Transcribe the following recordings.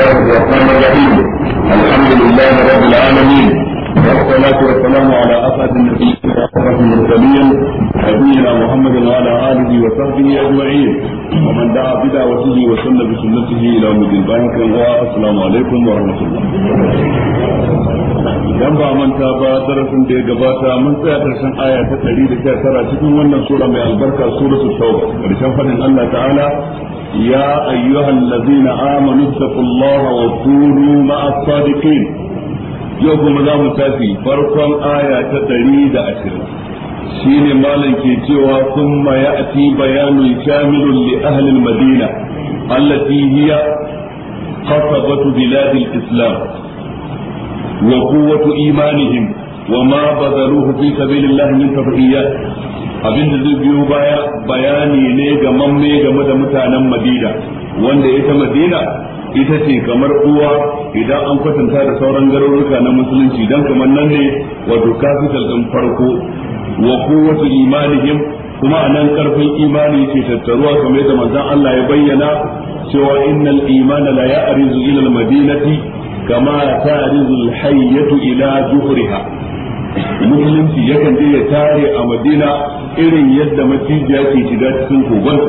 الله الرحمن الرحيم الحمد لله رب العالمين والصلاة والسلام على أسعد النبيين وأشرف المرسلين نبينا محمد وعلى وصحبه ومن دعا بدعوته وسن بسنته السلام عليكم الله idan ba manta ba darasin da ya gabata mun tsaya karshen aya ta 119 cikin wannan sura mai albarka suratul tauba karshen fadin Allah ta'ala ya ayyuhal ladzina amanu taqullaha wa kunu ma'as sadiqin yau kuma za mu tafi farkon aya ta 120 shine malam ke cewa thumma ya'ti bayanul kamilun li ahli madina allati hiya قصبة بلاد الإسلام وقوة إيمانهم وما بذلوه في سبيل الله من تضحيات abin da zai biyo baya bayani ne ga mamme game da mutanen madina wanda ita madina ita ce kamar uwa idan an kwatanta da sauran garuruka na musulunci dan kamar nan ne wato capital ɗin farko wa kowace imanihim kuma anan karfin imani ke tattaruwa kamar yadda manzan Allah ya bayyana cewa innal imana la ya'rizu ila al-madinati kama ta'rizu al-hayyatu ila zuhriha musulunci yakan je ya tare a madina irin yadda macijiya ke shiga cikin kogon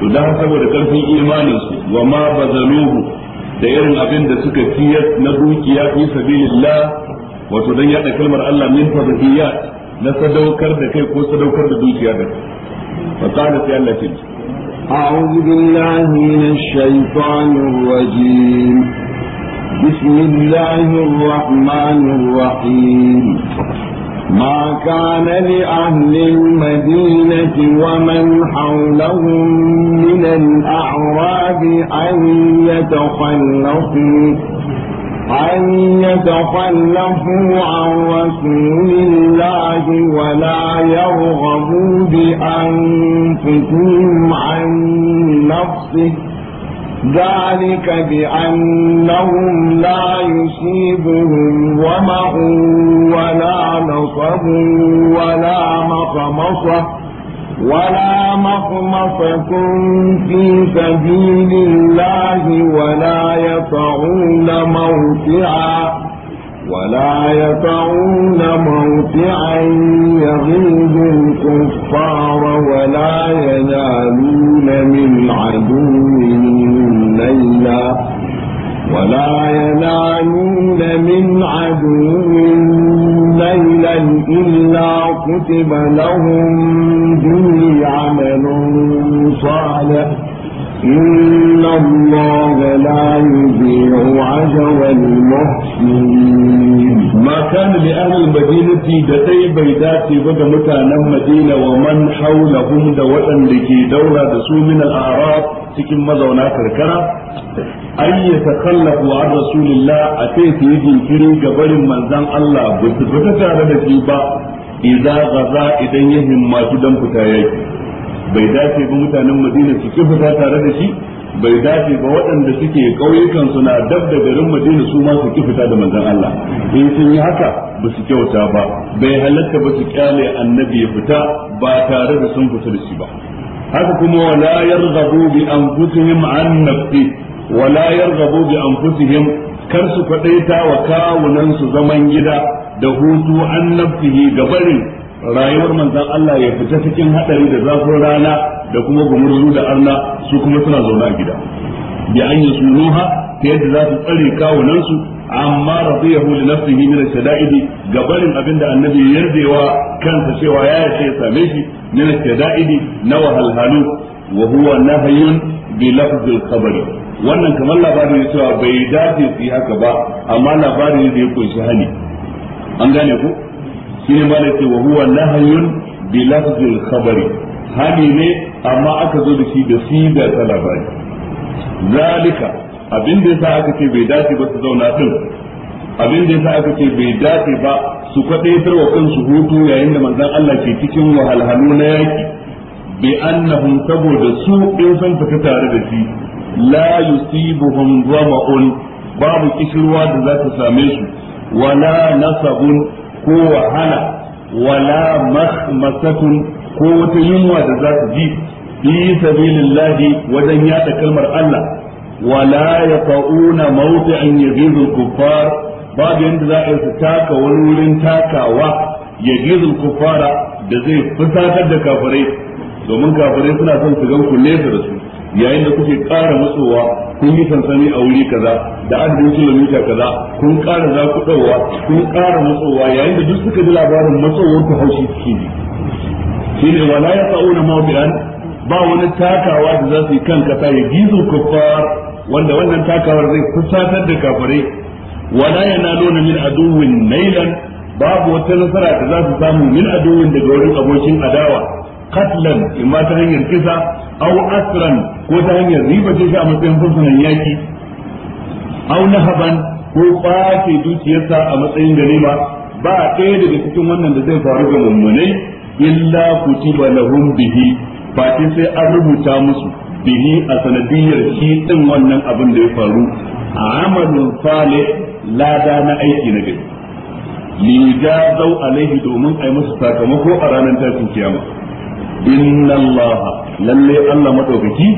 to dan saboda karfin imanin su wa ma bazaluhu da irin abin da suka ciyar na dukiya fi sabilillah wato dan yada kalmar Allah min fadhiyat na sadaukar da kai ko sadaukar da dukiya da fa qala sai Allah ce أعوذ بالله من الشيطان الرجيم بسم الله الرحمن الرحيم ما كان لأهل المدينة ومن حولهم من الأعراب أن يتخلصوا أن يتخلفوا عن رسول الله ولا يرغبوا بأنفسهم عن نفسه ذلك بأنهم لا يصيبهم ومعوا ولا نصب ولا مخمصة ولا مخمصة في سبيل الله ولا يطعون موتعا ولا يطعون موتعا يغيظ الكفار ولا ينالون من عدو نيلا ولا ينالون من عدو كتب لهم به عمل صالح إن الله لا يضيع عجر المحسنين ما كان لأهل المدينة دتي بيدات بدا متانا مدينة ومن حولهم دوتا لكي دولة دسو من الأعراب تكن مزونا كركرة أن يتخلفوا عن رسول الله أتيت يجي كري قبل من زن الله بتتعرض في idza gaza idan ya himmatu dan fita yaki bai dace ba mutanen madina su ki fita tare da shi bai dace ba waɗanda suke ƙauyukan suna dab da garin madina su ma su ki da manzon Allah in sun yi haka ba su kyauta ba bai halatta ba su kyale annabi ya fita ba tare da sun fita da shi ba haka kuma wala yarghabu bi anfusihim an nafsi wala yarghabu bi anfusihim kar su kwadaita wa kawunan su zaman gida da hutu an ga barin rayuwar manzan Allah ya fita cikin hadari da zafin rana da kuma gumurzu da arna su kuma suna zaune a gida bi an yi sunuha ta yadda za su tsare kawunansu amma radiyahu li nafsihi min ash-shada'id gabarin abinda annabi ya yardewa kansa cewa ya yace same shi min shada'idi nawa na wahalhalu wa huwa nahyun bi lafzi al-khabari wannan kamar labarin cewa bai dace su yi haka ba amma labarin da ya kunshi hani an gane ku shine ma ce wa huwa nahyun bi lafzil khabari hani ne amma aka zo da shi da siga ta labari zalika abin da yasa aka ce bai dace ba su zauna din abin da yasa aka ce bai dace ba su kwadaitar wa kansu hutu yayin da manzon Allah ke cikin wahalhalu na yaki bi annahum saboda su in san fita tare da shi la yusibuhum dhama'un babu kishirwa da za ta same su wala nasabun ko wahala wala masmasatun ko wata yunwa da za su ji fi sabilillahi wajen yada kalmar Allah wala yaqauna mawdi'an yaghizu al-kuffar babu yanda za a yi su taka wani wurin takawa yaghizu al-kuffara da zai fusatar da kafirai domin kafirai suna son su gan ku nesa da su yayin da kuke ƙara matsowa kun yi sansani a wuri kaza da adadin kilomita kaza kun ƙara zakuɗowa kun ƙara matsowa yayin da duk suka ji labarin matsowar ta haushi suke ne shi ne wala ya sa'una mawdi'an ba wani takawa da za su yi kan kasa ya gizo kuffar wanda wannan takawar zai kusatar da kafare. wala nuna min aduwwin nailan babu wata nasara da za su samu min aduwwin daga wurin abokin adawa katlan imma ta hanyar kisa aw asran ko ta hanyar riba ce shi a matsayin fursunan yaki aw nahaban ko ɓace dukiyarsa a matsayin ganima ba ɗaya daga cikin wannan da zai faru ga mummunai illa kutiba lahum bihi ba sai an rubuta musu bihi a sanadiyar shi din wannan abin da ya faru amalun Fale lada na aiki na gari li zau alaihi domin ai musu sakamako a ranar tashin kiyama inna Allah lalle Allah madaukaki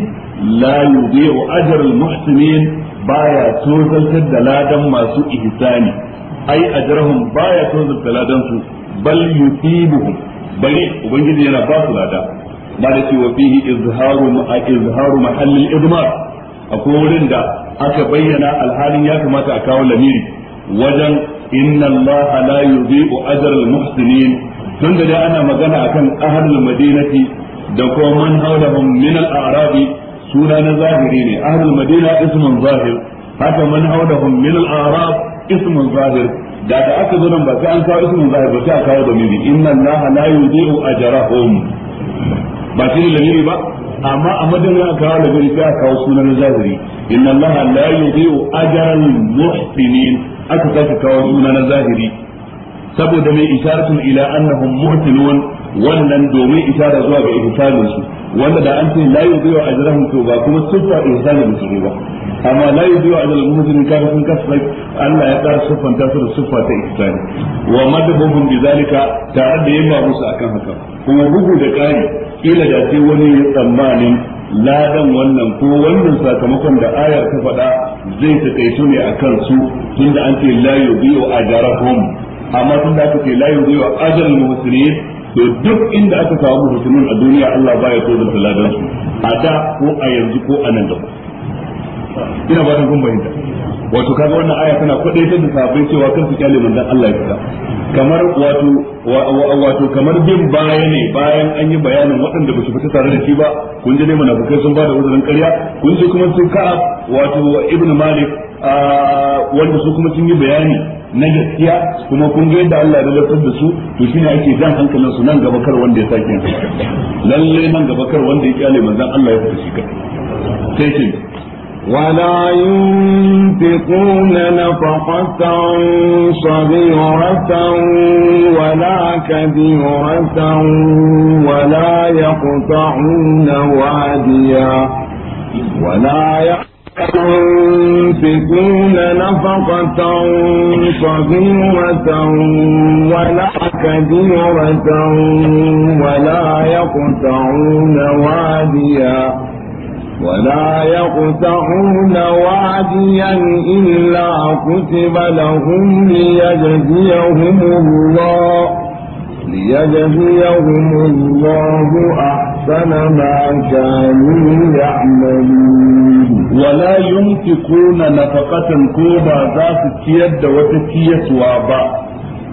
la yudhi'u ajra al-muhsinin baya tozaltar da ladan masu ihsani ai ajrahum baya tozaltar ladan su bal yusibuhum bari ubangiji yana ba su lada ba da cewa fihi izharu ma izharu akwai wurin da aka bayyana alhalin ya kamata a kawo lamiri wajen inna Allah la yudhi'u ajra al-muhsinin tun da dai ana magana akan ahlul madinati da kuma man hawlahum min al-a'rabi suna na zahiri ne ahlul madina ismun zahir haka man hawlahum min al-a'rab ismun zahir da da aka zo nan ba sai an kawo ismun zahir ba sai a kawo domini inna allaha la yudhi'u ajrahum ba shi ne lamiri ba amma a madadin aka kawo lamiri sai a kawo suna na zahiri inna allaha la yudhi'u ajral muhsinin aka sake kawo suna na zahiri saboda mai isharatun ila annahum muhsinun wannan domin isharar zuwa ga ihsanin su wanda da an ce la yudhi'u ajrahum to ba kuma sifa ihsanin su ba amma la yudhi'u ajrul muhsinin ka sun kasai Allah ya tsara siffanta su da sufa ta ihsani wa madhubum bizalika ta da yamma musu akan haka kuma bugu da kari kila da sai wani tsammanin ladan wannan ko wannan sakamakon da ayar ta faɗa zai takaitu ne akan su tunda an ce la yudhi'u ajrahum amma sun da aka ce la yuzu wa ajal musulmi to duk inda aka samu muhsinin a duniya Allah baya so da ladan su a da ko a yanzu ko a nan gaba ina ba kun bayyana wato kaga wannan aya tana ta da sabai cewa kan su kyale manzon Allah ya fita kamar wato wato kamar bin baya ne bayan an yi bayanin waɗanda ba su fita tare da shi ba kun ji ne munafikai sun ba da wurin ƙarya kun ji kuma sun ka wato ibnu malik wanda su kuma sun yi bayani na gaskiya kuma kun ga yadda Allah ya lalatar da su to shi ne ake jan hankalin su nan gaba kar wanda ya sake lalle nan gaba kar wanda ya kyale manzon Allah ya fita shi kai sai shi ولا ينفقون نفقة صغيرة ولا كبيرة ولا يقطعون واديا ولا يقطعون ينفقون نفقة صغيرة ولا كبيرة ولا يقطعون واديا ولا يقطعون واديا إلا كتب لهم ليجزيهم الله ليجزيهم الله أحسن أحسن ما كانوا يعملون ولا ينفقون نفقة كوبا ذات تيد وتكية وابا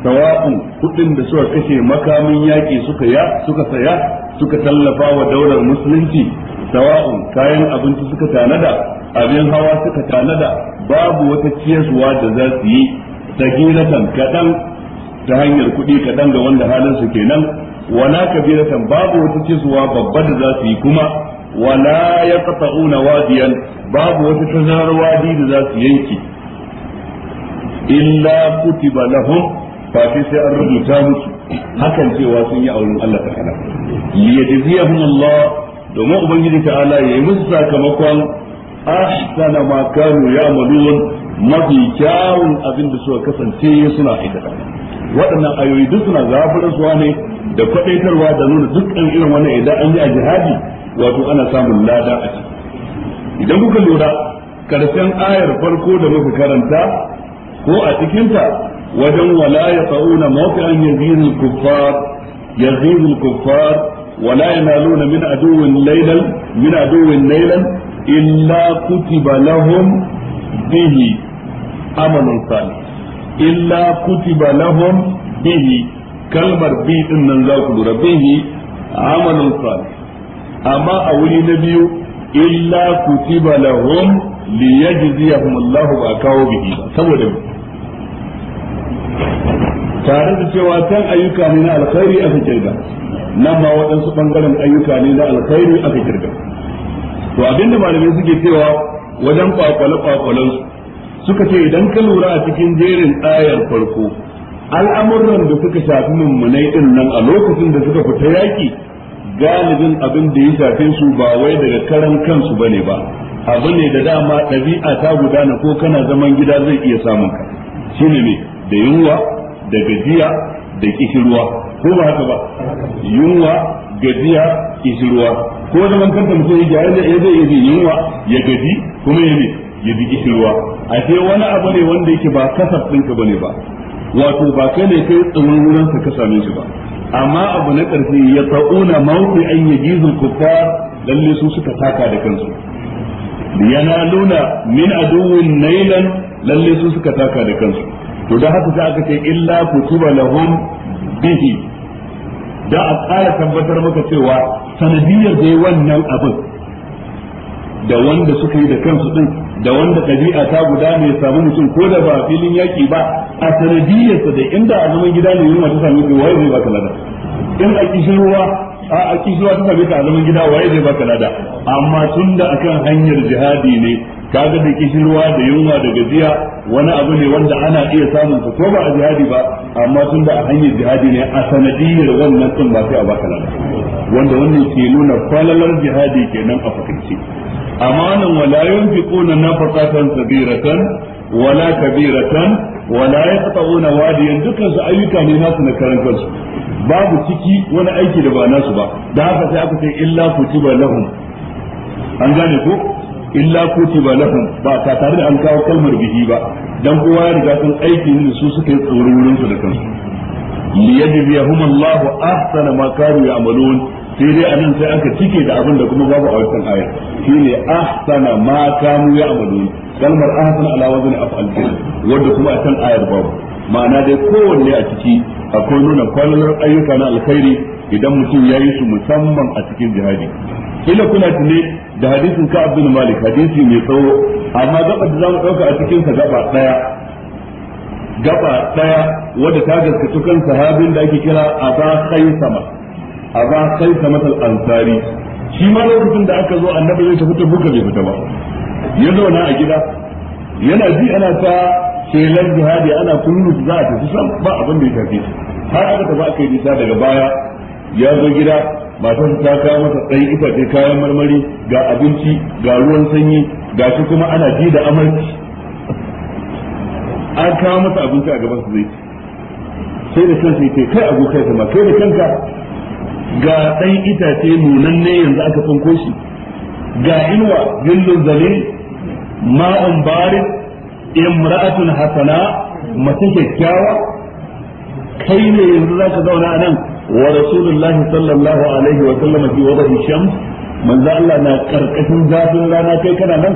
sawa'un kudin da suka kashe makamin yaƙi suka ya suka saya suka tallafa wa daurar musulunci sawa'un kayan abinci suka tanada abin hawa suka tanada babu wata ciyarwa da za su yi sagiratan kaɗan ta hanyar kuɗi kaɗan ga wanda halinsu su kenan wala kabiratan babu wata kisuwa babba da za su yi kuma wala yaqta'una wadiyan babu wata tazarar wadi da za su yanke illa kutiba lahum fati sai an rubuta musu hakan cewa sun yi auren Allah ta'ala liyajziyahum Allah domin ubangiji ta'ala yayi musu sakamakon ahsana ma kanu ya'malun mafi kyawun abin da suka kasance suna aikata waɗannan ayoyi duk suna zaburarsuwa ne da kwadaitarwa da nuna dukkan irin wannan idan an yi a jihadi wato ana samun lada a ciki idan kuka lura karshen ayar farko da muka karanta ko a cikinta wajen wala ya tsa'una mafi'an yazirul kuffar yazirul kuffar wala yanaluna min aduwwin laylan min aduwwin laylan illa kutiba lahum bihi amalun salih illa kutiba lahum bihi kalmar bi din nan za ku lura bihi amalun salih amma a wuri na biyu illa kutiba lahum liyajziyahum Allah ba kawo bihi saboda tare da cewa kan ayyuka ne na alkhairi aka kirga nan ma waɗansu ɓangaren ayyuka ne na alkhairi aka kirga to abinda malamai suke cewa wajen kwakwale-kwakwalen suka ce idan ka lura a cikin jerin ayar farko al'amuran da suka shafi mummunai din nan a lokacin da suka fita yaki galibin abin da ya shafe su ba wai daga karan kansu bane ba abu ne da dama ɗabi'a ta gudana ko kana zaman gida zai iya samun ka shine ne da yunwa da gajiya da kishirwa ko ba haka ba yunwa gajiya kishirwa ko zaman kanta mutum ya zai iya yunwa ya gaji kuma ya ne ya ji kishirwa a ce wani abu ne wanda yake ba kasar ɗinka bane ba wato ba kai ne kai tsawon wurin sa ka same shi ba amma abu na ƙarfi ya ta'una mawdi an yajizul kuffar lalle su suka taka da kansu Yana nuna min aduwwin nailan lalle su suka taka da kansu to da haka sai aka ce illa kutuba lahum bihi da a ƙara tabbatar maka cewa sanadiyar dai wannan abin da wanda suka yi da kansu din da wanda ɗabi'a ta guda ne ya samu mutum ko da ba filin yaƙi ba a sanadiyarsa da inda a zaman gida ne yunwa ta sami ka waye zai baka lada in a kishin ruwa a a kishin ruwa ta sami ka a zaman gida waye zai baka lada amma tun da akan hanyar jihadi ne kaga da kishin ruwa da yunwa da gajiya wani abu ne wanda ana iya samun sa ko ba a jihadi ba amma tun da a hanyar jihadi ne a sanadiyar wannan tun ba sai a baka lada wanda wannan ke nuna falalar jihadi kenan a fakaice amanan wala yunfiquna nafaqatan sabiratan wala kabiratan wala yaqta'una wadiyan dukkan su ayyuka ne nasu na karan babu ciki wani aiki da ba nasu ba da haka sai aka ce illa kutiba lahum an gane ko illa kutiba lahum ba ta tare da an kawo kalmar bihi ba dan kowa ya riga sun aiki ne su suka yi tsoron wurin su da kansu liyajziyahum Allahu ahsana ma kanu ya'malun sai dai anan sai aka cike da abin da kuma babu a wannan shi shine ahsana ma kanu amalu kalmar ahsana ala wazni af'al wanda kuma a can ayar babu ma'ana dai kowanne a ciki akwai nuna kwallon ayyuka na alkhairi idan mutum ya yi su musamman a cikin jihadi kila kuna tuni da hadisin ka abdul malik hadisi mai tsawo amma gaba da zamu dauka a cikin sa gaba daya gaba daya wanda ta gaskata kan sahabin da ake kira aba khaisama aba sai ta masal ansari shi ma lokacin da aka zo annabi zai tafi tabuka bai fita ba ya zauna a gida yana ji ana ta shelar jihadi ana kullu za a tafi sam ba abin da ya tafi har aka tafi aka yi nisa daga baya ya zo gida matar ta kawo masa tsayin itace kayan marmari ga abinci ga ruwan sanyi ga shi kuma ana ji da amarci an kawo masa abinci a gaban su zai sai da kansa yake kai abokai kuma kai da kanka ga ɗan itace nunanne yanzu aka tsinko shi ga inuwa zillun zalil ma'un barin, imra'atun hasana mace kyakkyawa kai ne yanzu zaka zauna a nan wa rasulullahi sallallahu alaihi wa sallama fi wadahi shams manzo Allah na karkashin zafin rana kai kana nan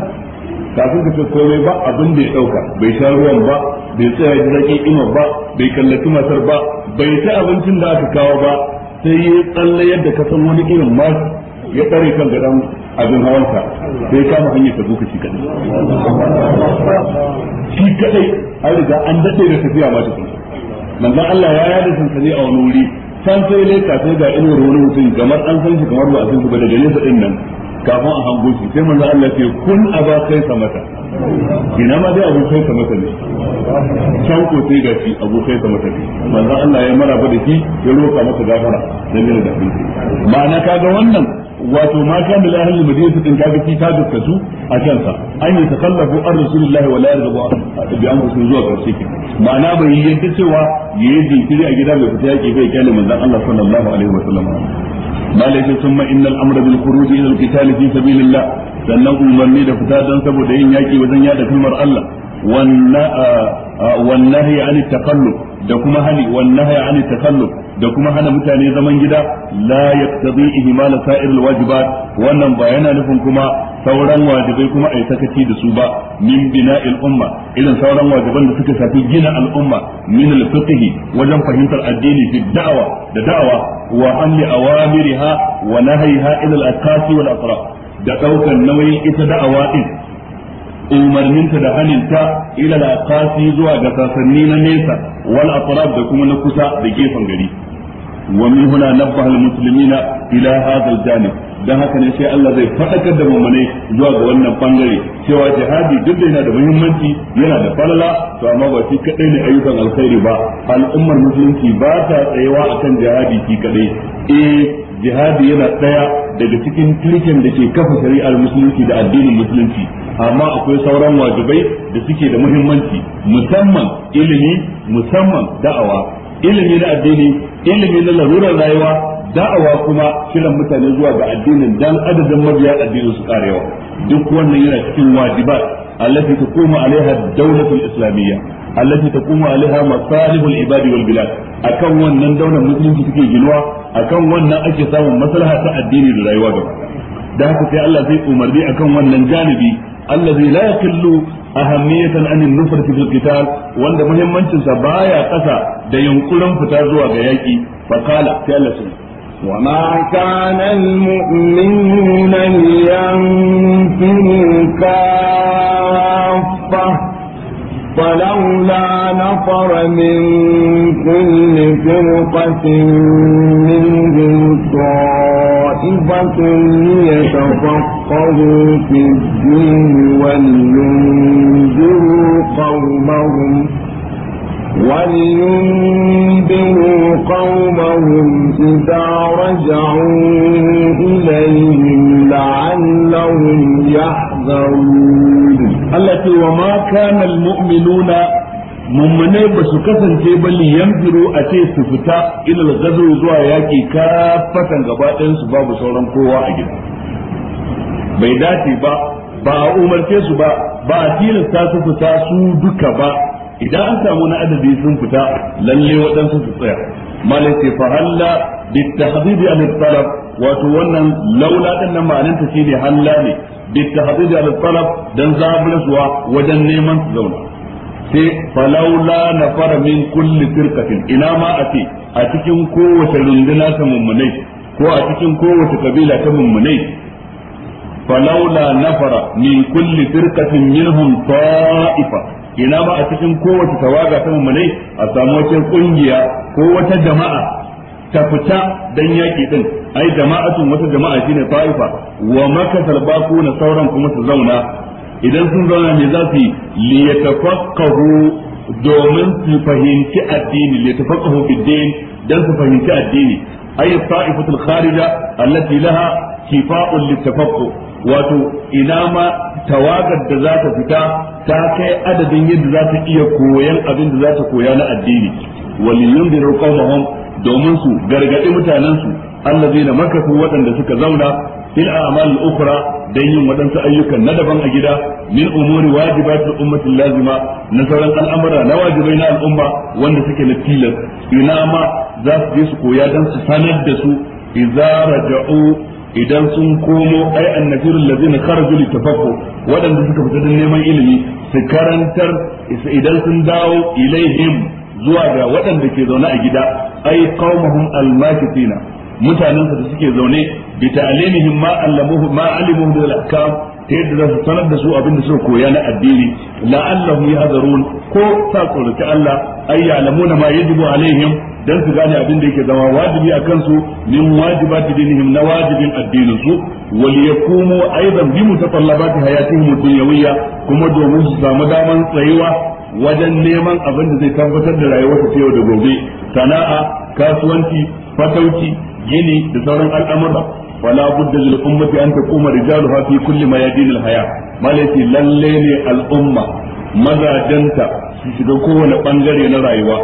kafin ka ce komai ba abin da ya dauka bai sha ruwan ba bai tsaya da zaki ima ba bai kallaci matar ba bai ta abincin da aka kawo ba sai yi tsalle yadda ka san wani irin ma ya tsare kan gadan abin hawansa sai kama hanyar ta zuka shi kadai shi kadai an riga an daɗe da tafiya ma tukun manzon Allah ya yada sansani a wani wuri can sai leka sai ga inuwar wani mutum kamar an san shi kamar ba a san shi ba daga nesa din nan kafin a hango shi sai manzo Allah ce kun aba kai mata ina ma dai abu kai mata ne can ko sai ga shi abu kai mata ne manzo Allah ya mara da shi ya roka masa gafara dan yana da abin ma'ana kaga wannan wato ma kan da ahli madina din kaga shi ta dukkatu a sa an yi takallafu an rasulullahi wa la yarzabu bi anfusihi zuwa karshe ma'ana bai yi yadda cewa yayi jinkiri a gida bai fita yaki bai kyale manzo Allah sallallahu alaihi wa sallam malaka summa innar amra bil khuruj ila al qital fi sabilillah sannan umarni da fita dan saboda yin yaki wajen yada kalmar Allah wannan wannan ya ani taqallub da kuma hani wan haya ani takalluf da kuma hana mutane zaman gida la yaqtadi ihmal sa'ir alwajibat wannan ba yana nufin kuma sauran wajibai kuma ai sakaci da su ba min bina'il umma irin sauran wajiban da suka shafi gina al'umma min alfiqh wajen fahimtar addini fi da'awa da da'awa wa amli awamiriha wa nahyiha ila al-aqasi wal atraf da daukan nauyin ita da'awa din umarninta da haninta ila da zuwa ga sasanni na nesa wal atraf da kuma na kusa da gefen gari wa min huna nabbaha al muslimina ila hadha janib dan haka ne sai Allah zai fadakar da mu'minai zuwa ga wannan bangare cewa jihadi duk da yana da muhimmanci yana da falala to amma ba shi kadai ne ayyukan alkhairi ba al'ummar musulunci ba ta tsayawa akan jihadi shi kadai eh jihadi yana ɗaya daga cikin turken da ke kafa shari'ar musulunci da addinin musulunci amma akwai sauran wajibai da suke da muhimmanci musamman ilimi musamman da'awa ilimi na addini ilimi na larurar rayuwa da'awa kuma kiran mutane zuwa ga addinin dan adadin mabiya addinin su karewa duk wannan yana cikin wajibat allati takuma alaiha dawlatul islamiyya allati taqumu alaiha masalihul ibadi wal bilad akan wannan daular musulunci take ginuwa akan wannan ake samun maslaha ta addini da rayuwa gaba da haka sai Allah zai umarni akan wannan janibi allazi la yaqillu ahammiyatan an nufrati fil qital wanda muhimmancin sa baya kasa da yunkurin fita zuwa ga yaki fa qala sai Allah sai وما كان فلولا نفر من كل فرقة منهم طائفة ليتفقهوا في الدين ولينذروا قومهم ولينذروا قومهم إذا رجعوا إليهم لعلهم يحذرون Allah ce wa ma kana almu'minuna mummune ba su kasance ba li yanfiru a ce su fita ila gazo zuwa yaki kafatan gaba ɗayan su babu sauran kowa a gida bai dace ba ba a umarce su ba ba a tilasta su fita su duka ba idan an samu na adadi sun fita lalle waɗansu su tsaya malai ce fa halla bi tahdidi an wato wannan laula din nan ma'anin ta shine halla ne بالتحضيد على الطلب دان زابرسوا ودن نيمان زونا sai falaula na fara min kulli firkatin ina ma a ce a cikin kowace runduna ta mummunai ko a cikin kowace kabila ta mummunai falaula nafara min kulli firqatin minhum ta'ifa ina ba a cikin kowace tawaga ta mummunai a samu wata kungiya ko wata jama'a ta fita dan yaki din ai jama'atun wata jama'a shine ta'ifa wa makasal na sauran kuma su zauna idan sun zauna ne za su li yatafaqahu domin su fahimci addini li yatafaqahu bid-din dan su fahimci addini ay ta'ifatu al-kharija allati laha kifa'un lit wato ina ma tawagar da za ta fita ta kai adadin yadda za ta iya koyan abin da za ta koya na addini ولينذروا قومهم domin su gargaɗi mutanensu allazina makasu waɗanda suka zauna fil a'mal ukhra dan yin waɗansu ayyukan na daban a gida min umuri wajibatul ummati lazima na sauran al'amura na wajibai na al'umma wanda suke na tilas ina ma za su je su koya dan su sanar da su idza raja'u idan sun komo ai annabirul ladina kharaju litafaqu waɗanda suka fita don neman ilimi su karantar idan sun dawo ilaihim zuwa ga waɗanda ke zaune a gida ai qaumahum almakitina mutanen da suke zaune bi ta'limihim ma allamuhu ma alimuhu bil ahkam ta yadda za su sanar da su abin da suka koya na addini la'allahum yahzarun ko sa tsoraci Allah ay ya'lamuna ma yajibu alaihim dan su gane abin da yake zama wajibi a kansu min wajibati dinihim na wajibin addinin su wal yakumu aidan bi mutatallabati hayatihim dunyawiyya kuma domin su samu daman tsayuwa wajen neman abin da zai tabbatar da rayuwarsa ta yau da gobe sana'a kasuwanci fatauci gini da sauran al'amura wala budda lil ummati an taquma rijaluha fi kulli mayadin al haya Malaki, lalle ne al umma mazajanta su shiga kowane bangare na rayuwa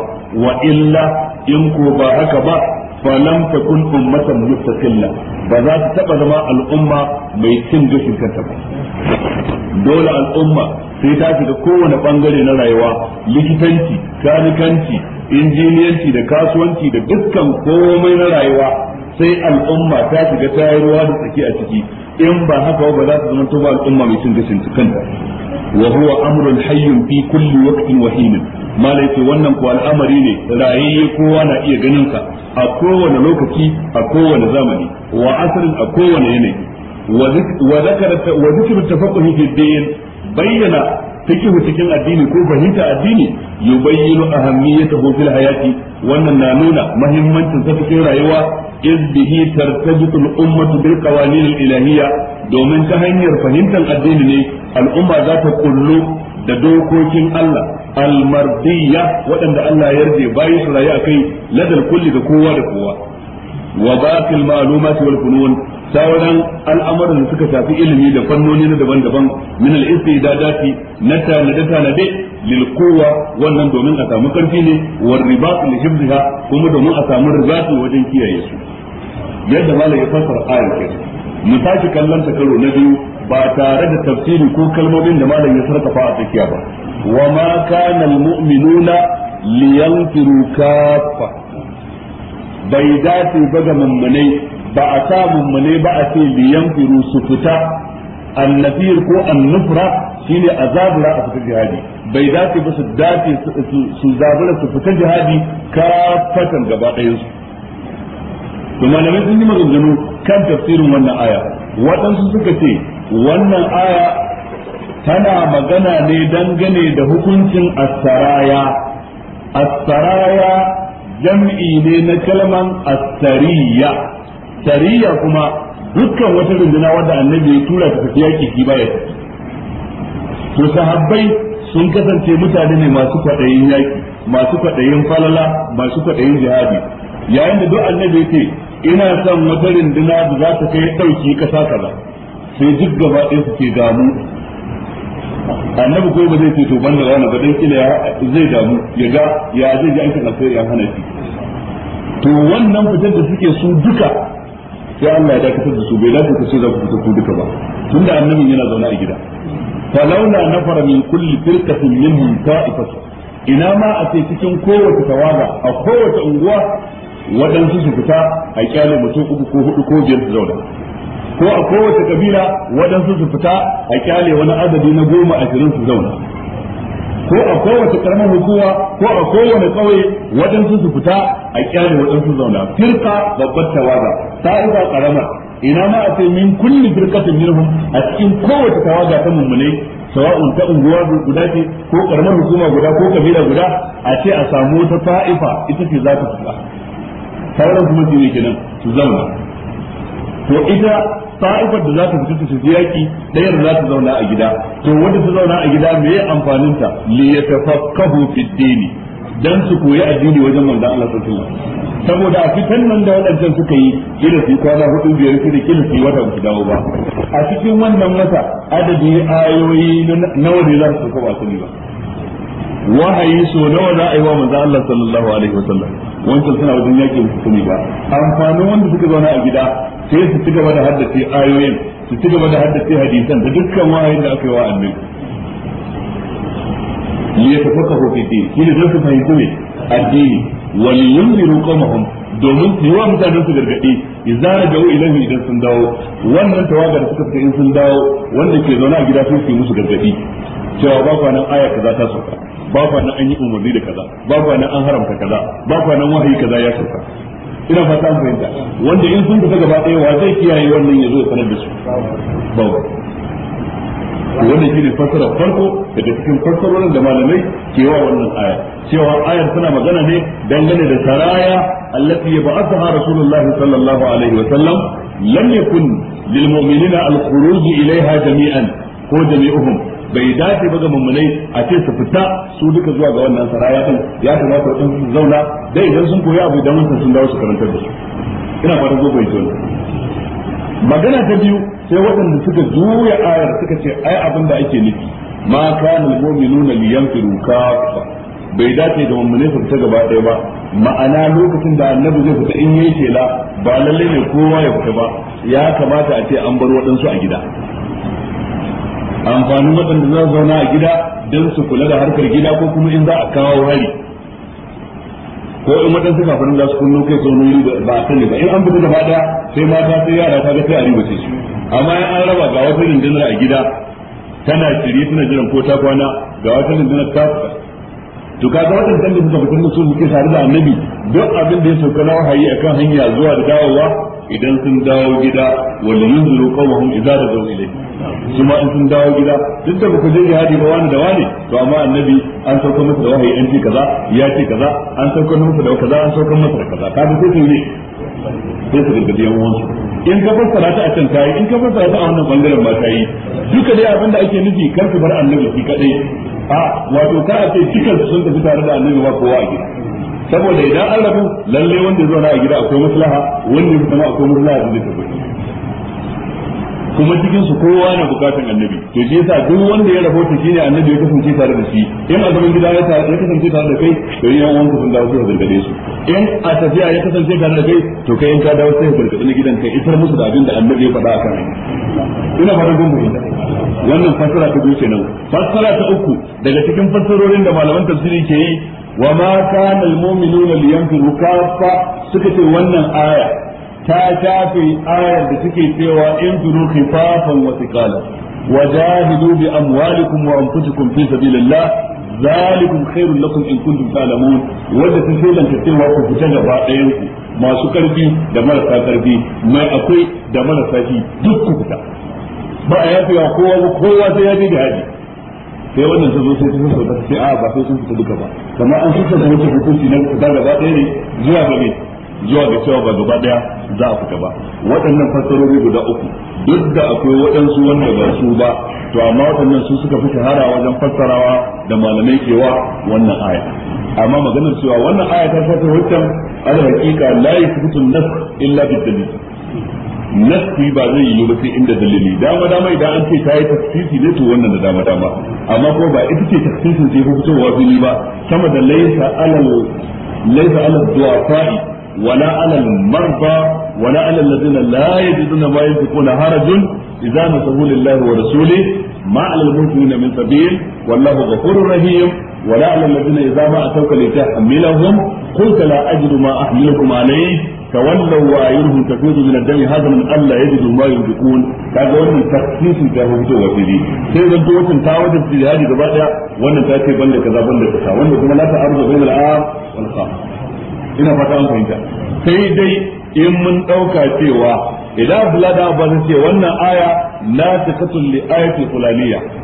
wa illa in ko ba haka ba falam takun ummatan mustaqilla ba za ta taba zama al'umma mai cin gashin kanta ba dole al'umma sai ta shiga kowane bangare na rayuwa likitanci kanikanci injiniyanci da kasuwanci da dukkan komai na rayuwa sai al'umma ta shiga tayarwa da tsaki a ciki in ba haka ba za su zama tuba al'umma mai cin cinta kanta wa huwa amrun hayyun fi kulli waqtin wa malai wannan ko al'amari ne rayayye kowa na iya ganin sa a kowane lokaci a kowane zamani wa asrin a kowane yanayi wa zakara tafaqquhi fi din bayyana fikihu cikin addini ko fahimta addini yubayyinu ahammiyatahu fil hayati wannan na nuna muhimmancin sa cikin rayuwa iz bihi tartajitu al ummatu bil qawanin al ilahiyya domin ta hanyar fahimtar addini ne al'umma za ta kullu da dokokin Allah al-mardiyya waɗanda Allah ya yarda bayi su rayu kai ladal kulli da kowa da kowa wa baqil ma'lumat wal funun ta wajen al'amuran da suka shafi ilimi da fannoni na daban-daban min al-istidadati na tanade tanade lil wannan domin a samu karfi ne war ribat li hibziha kuma domin a samu ribatu wajen kiyaye su yadda malai ya fassara ayar ke mu sake kallon ta karo na biyu ba tare da tafsiri ko kalmomin da malai ya sarkafa a tsakiya ba wa ma kana al-mu'minuna liyanfiru kaffa bai dace ba ga mummunai ba a mu ne ba a ce liyan firu su fita annafir ko annufra shine a zabura a fita jihadi bai dace ba su dace su zabura su fita jihadi kafatan gaba ɗayan su to malamai sun yi maganganu kan tafsirin wannan aya waɗansu suka ce wannan aya tana magana ne dangane da hukuncin asaraya asaraya jam'i ne na kalman asariya shari'a kuma dukkan wata runduna wadda annabi ya tura ta tafi yaki shi baya to sahabbai sun kasance mutane ne masu kwaɗayin yaƙi, masu kwaɗayin falala masu kwaɗayin jihadi yayin da duk annabi ya ce ina son wata runduna da za ta kai ɗauki ƙasa kaza sai duk gaba ɗin su ke damu annabi ko ba zai ce to banda wani ba dan kila zai damu ya ga ya zai ji aikin alkhairi ya hana shi to wannan fitar da suke su duka sai Allah ya dakatar da su bai dace ku ce za ku fito ku duka ba tunda annabin yana zaune a gida falaula nafara min kulli firqatin minhum ta'ifatu ina ma a ce cikin kowace tawaga a kowace unguwa waɗansu su fita a kyale mutum uku ko hudu ko biyar su zauna ko a kowace kabila waɗansu su fita a kyale wani adadi na goma ashirin su zauna ko a kowace karamar hukuma ko a kowane kauye wajen su fita a kyale su zauna firka babbar tawaga sa'iba karama ina ma a ce min kulli firkatin minhum a cikin kowace tawaga ta mummunai sawa'un ta unguwa guda ce ko karamar hukuma guda ko kabila guda a ce a samu wata ta'ifa ita ce za ta fita sauran kuma su ne kenan su zauna to ita sa'ifar da za ta fita ta yaki da za ta zauna a gida to wanda ta zauna a gida me ya amfanin ta li yatafaqahu fi dini dan su koyi addini wajen manzon Allah sallallahu alaihi wasallam saboda a fitan nan da wadancan suka yi ila su kwana hudu biyar su da kila su wata su dawo ba a cikin wannan wata adadi ayoyi nawa ne za su ba su ba wahayi so nawa za a yi wa manzon Allah sallallahu alaihi wasallam wancan suna wajen yaƙi ba su sani ba amfanin wanda suka zauna a gida sai su ci gaba da haddace ayoyin su ci gaba da haddace hadisan da dukkan wahayin da aka yi wa annabi li yatafaqahu fi din shi ne su fahimci ne addini wa li yunziru qawmahum domin su yi wa mutanen su gargadi idza rajau ilahi idan sun dawo wannan tawaga da suka fita in sun dawo wanda ke zaune a gida sai su yi musu gargadi cewa ba kwanan aya kaza ta sauka ba kwa nan an yi umarni da kaza ba kwa nan an haramta kaza ba kwa nan wahayi kaza ya sauka ina fata an fahimta wanda in sun fita gaba ɗaya wa zai kiyaye wannan ya zo ya sanar da su ba wannan shine fassara farko daga cikin fassarorin da malamai ke wa wannan aya cewa ayar tana magana ne dangane da saraya allati yab'athaha rasulullahi sallallahu alaihi wa sallam lam yakun lil mu'minina al khuruj jami'an ko jami'uhum bai dace ba ga mummunai a ce su fita su duka zuwa ga wannan saraya din ya kamata wadansu su zauna dai idan sun koyi abu idan wannan sun dawo su karantar da su ina fara zo bai tona magana ta biyu sai waɗanda suka juya ayar suka ce ai abin da ake nufi ma kana almu'minuna liyanfiru kafa bai dace da mummunai su fita gaba ɗaya ba ma'ana lokacin da annabi zai fita in yi shela ba lalle ne kowa ya fita ba ya kamata a ce an bar waɗansu a gida amfanin waɗanda za su zauna a gida don su kula da harkar gida ko kuma in za a kawo rari ko in waɗansu kafirin za su kunno kai sau da ba a sani ba in an fita gaba ɗaya sai mata sai yara ta ga sai a ribace su amma in an raba ga wata rundunar a gida tana shiri tana jiran ko ta kwana ga wata rundunar ta to kaga wata da suka fitar da su muke tare da annabi duk abin da ya sauka na wahayi akan hanya zuwa da dawowa idan sun dawo gida yin wala yunziru qawmahum idza rajau su ma in sun dawo gida duk da kuka je jihadi ba wani da wani to amma annabi an sauko masa da wahayi an ce kaza ya ce kaza an sauko masa da kaza an sauko masa da kaza kaga sai ne sai su gargaɗi yan uwansu in ka fassara ta a can yi, in ka fassara ta a wannan bangaren ma yi, duka dai abin da ake nufi kar su bar annabi shi kadai a wato ka a ce cikin sun tafi tare da annabi ba kowa a gida saboda idan an rabu lalle wanda zo na a gida akwai maslaha wanda ya zama akwai maslaha da zai tabbata kuma cikin su kowa na bukatan annabi to shi yasa duk wanda ya rahoto shine annabi ya kasance tare da shi in a zaman gida ya kasance tare da kai to yan yawan ku sun dawo su gargade su in a tafiya ya kasance tare da kai to kai in ka dawo sai gargaɗi na gidan kai isar musu da abin da annabi ya faɗa a kan ina fara kun ita. wannan fassara ta biyu kenan fassara ta uku daga cikin fassarorin da malaman tafsiri ke yi wa ma kana almu'minuna liyanfiru kaffa suka ce wannan aya ta shafe ayar da suke cewa infiru khifafan wa thiqala وجاهدوا بأموالكم وأنفسكم في سبيل الله ذلكم خير لكم إن كنتم تعلمون وجه تسيلا كثيرا وكفتنا بعضينكم ما سكرتي دمنا سكرتي ما أقوي دمنا سكرتي دكتك ba a yafi wa kowa kowa ya da haji sai wannan ta zo sai ta sassa ta ce a ba sai sun fita duka ba kamar an sassa da wata hukunci na fita gaba ɗaya ne zuwa ga ne zuwa ga cewa ba gaba ɗaya za a fita ba waɗannan fassarori guda uku duk da akwai waɗansu wanda ba su ba to amma waɗannan su suka fi shahara wajen fassarawa da malamai wa wannan aya amma maganar cewa wannan aya ta fata hujjan al haqiqa la yuthbutu an-nas illa bid-dalil nafsi ba zai yiwu ba sai inda dalili dama dama idan an ce ta yi tafsisi ne to wannan da dama dama amma kuma ba ita ce tafsisin sai ko fitowa fili ba sama da laysa alal laysa alal du'afa'i wala alal marba wala alal ladina la yajiduna ma yunfiquna harajun idza nasahu lillahi wa rasulihi ma alal mu'minina min sabil wallahu ghafurur rahim ولا على الذين إذا ما أتوك لتحملهم قلت لا أجد ما أحملكم عليه تولوا وأعينهم تفيض من الدم هذا من ألا يجدوا ما ينفقون هذا هو التخصيص ده هو في وفيدي سيد الدوس تعود الجهاد جبادة وانا تأتي بل كذا بل كذا وانا كما لا تعرض بين العام والخاص ina fata an fahimta sai dai in mun ɗauka cewa idan Abdullahi da Abbas ce wannan aya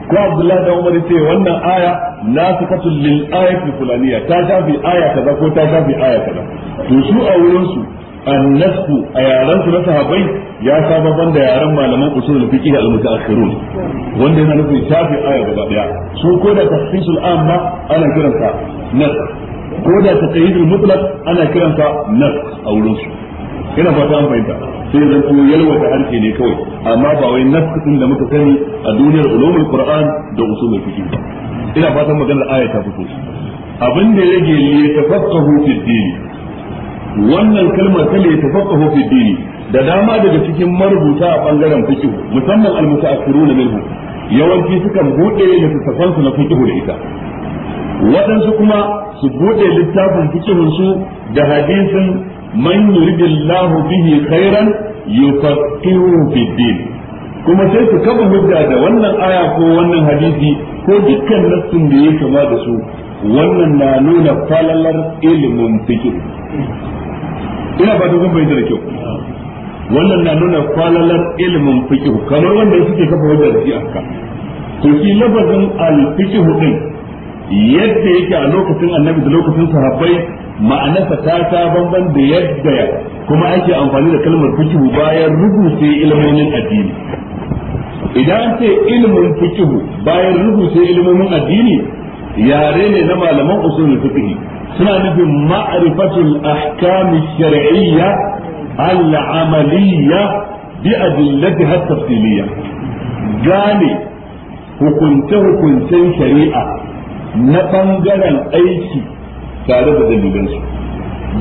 ko Abdullahi da Umar ce wannan aya la takatul lil ayati fulaniya ta tafi aya kaza ko ta tafi aya kaza to su a wurin su annasku a yaran su na sahabbai ya saba babban da yaran malaman usulul fiqh al mutaakhirun wanda yana nufin shafi aya gaba daya su ko da tafsisul amma ana kiransa nas ko da taqyidul mutlaq ana kiransa nas a wurin su ina fata an fahimta sai zan ko yalwata harshe ne kawai amma ba wai nas din da muka sani a duniyar ulumul qur'an da usulul fiqh ba ina fatan maganar aya ta fito abin da ya rage ne tafaqahu fi din wannan kalmar ta ne tafaqahu fi dini da dama daga cikin marubuta a bangaren fiqh musamman al-mutaakhiruna minhu yawanci sukan bude littafan su na fiqh da ita waɗansu kuma su bude littafin fiqh su da hadisin man yuridillahu bihi khairan yufaqihu fi din kuma sai su kaba hujja da wannan aya ko wannan hadisi ko dukkan nassin da ya kama da su wannan na nuna falalar ilimin fiqh ina ba dogon bai da kyau wannan na nuna falalar ilimin fiqh kamar wanda suke kafa wajen da shi aka to shi lafazin al-fiqh din yadda yake a lokacin annabi da lokacin sahabbai ma'anarsa ta ta banban da yadda kuma ake amfani da kalmar fiqh bayan rubuce ilimin addini idan ce ilimin fiqh bayan rubuce ilimin addini yare ne na malaman usulul fiqh suna nufin ma'rifatul ahkam shar'iyya al-amaliyya bi adillatiha tafsiliyya gane hukunce hukuncen shari'a na bangaren aiki tare da dalilansu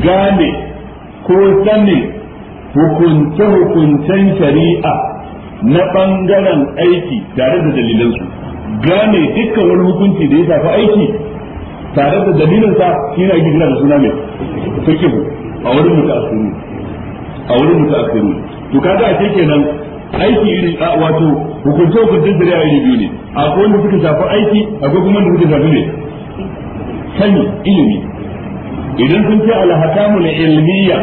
gane ko sani hukunce hukuncen shari'a na bangaren aiki tare da dalilansu gane dukkan wani hukunci da ya shafi aiki tare da dalilin sa yana yi gina da suna mai fikihu a wurin mutaassiri a wurin mutaassiri to kaga a kenan aiki irin a wato hukunce hukuncin shari'a iri biyu ne akwai wanda suka shafi aiki akwai kuma wanda suka shafi ne sani ilimi idan sun ce alhakamul ilmiya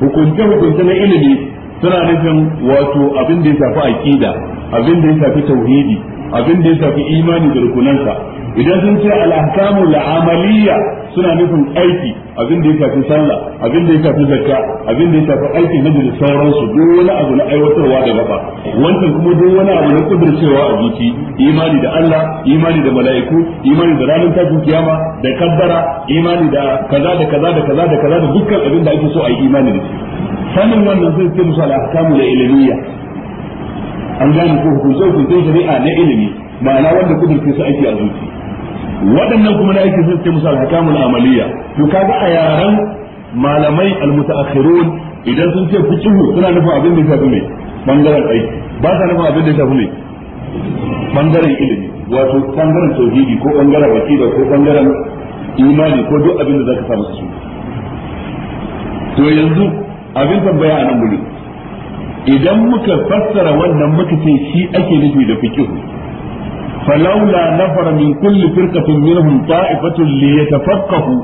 hukunce hukunce na ilimi suna nufin wato abin da ya shafi aqida abin da ya shafi tauhidi abin da ya shafi imani da rukunansa idan sun ce al'ahkamu la'amaliya suna nufin aiki abin da ya shafi sallah abin da ya shafi zakka abin da ya shafi aikin na da sauransu duk wani abu na aiwatarwa da gaba wancan kuma duk wani abu na kudurcewa a zuci imani da Allah imani da mala'iku imani da ranar tashin kiyama da kaddara imani da kaza da kaza da kaza da kaza da dukkan abin da ake so a yi imani da shi sanin wannan zai ce musu al'ahkamu ahkamu al an gane ko hukunce hukunce shari'a na ilimi ma'ana wanda kudurce su aiki a zuci waɗannan kuma na aiki sun ce musu alhakamul amaliya to kaga a yaran malamai almutaakhirun idan sun ce fiqhu suna nufin abin da shafi mai bangaren aiki ba sa nufin abin da shafi mai bangaren ilimi wato bangaren tauhidi ko bangaren wakila ko bangaren imani ko duk abin da zaka samu su to yanzu abin tambaya a nan gudu idan muka fassara wannan muka ce shi ake nufi da fiqhu فلولا نفر من كل فرقة منهم طائفة ليتفقهوا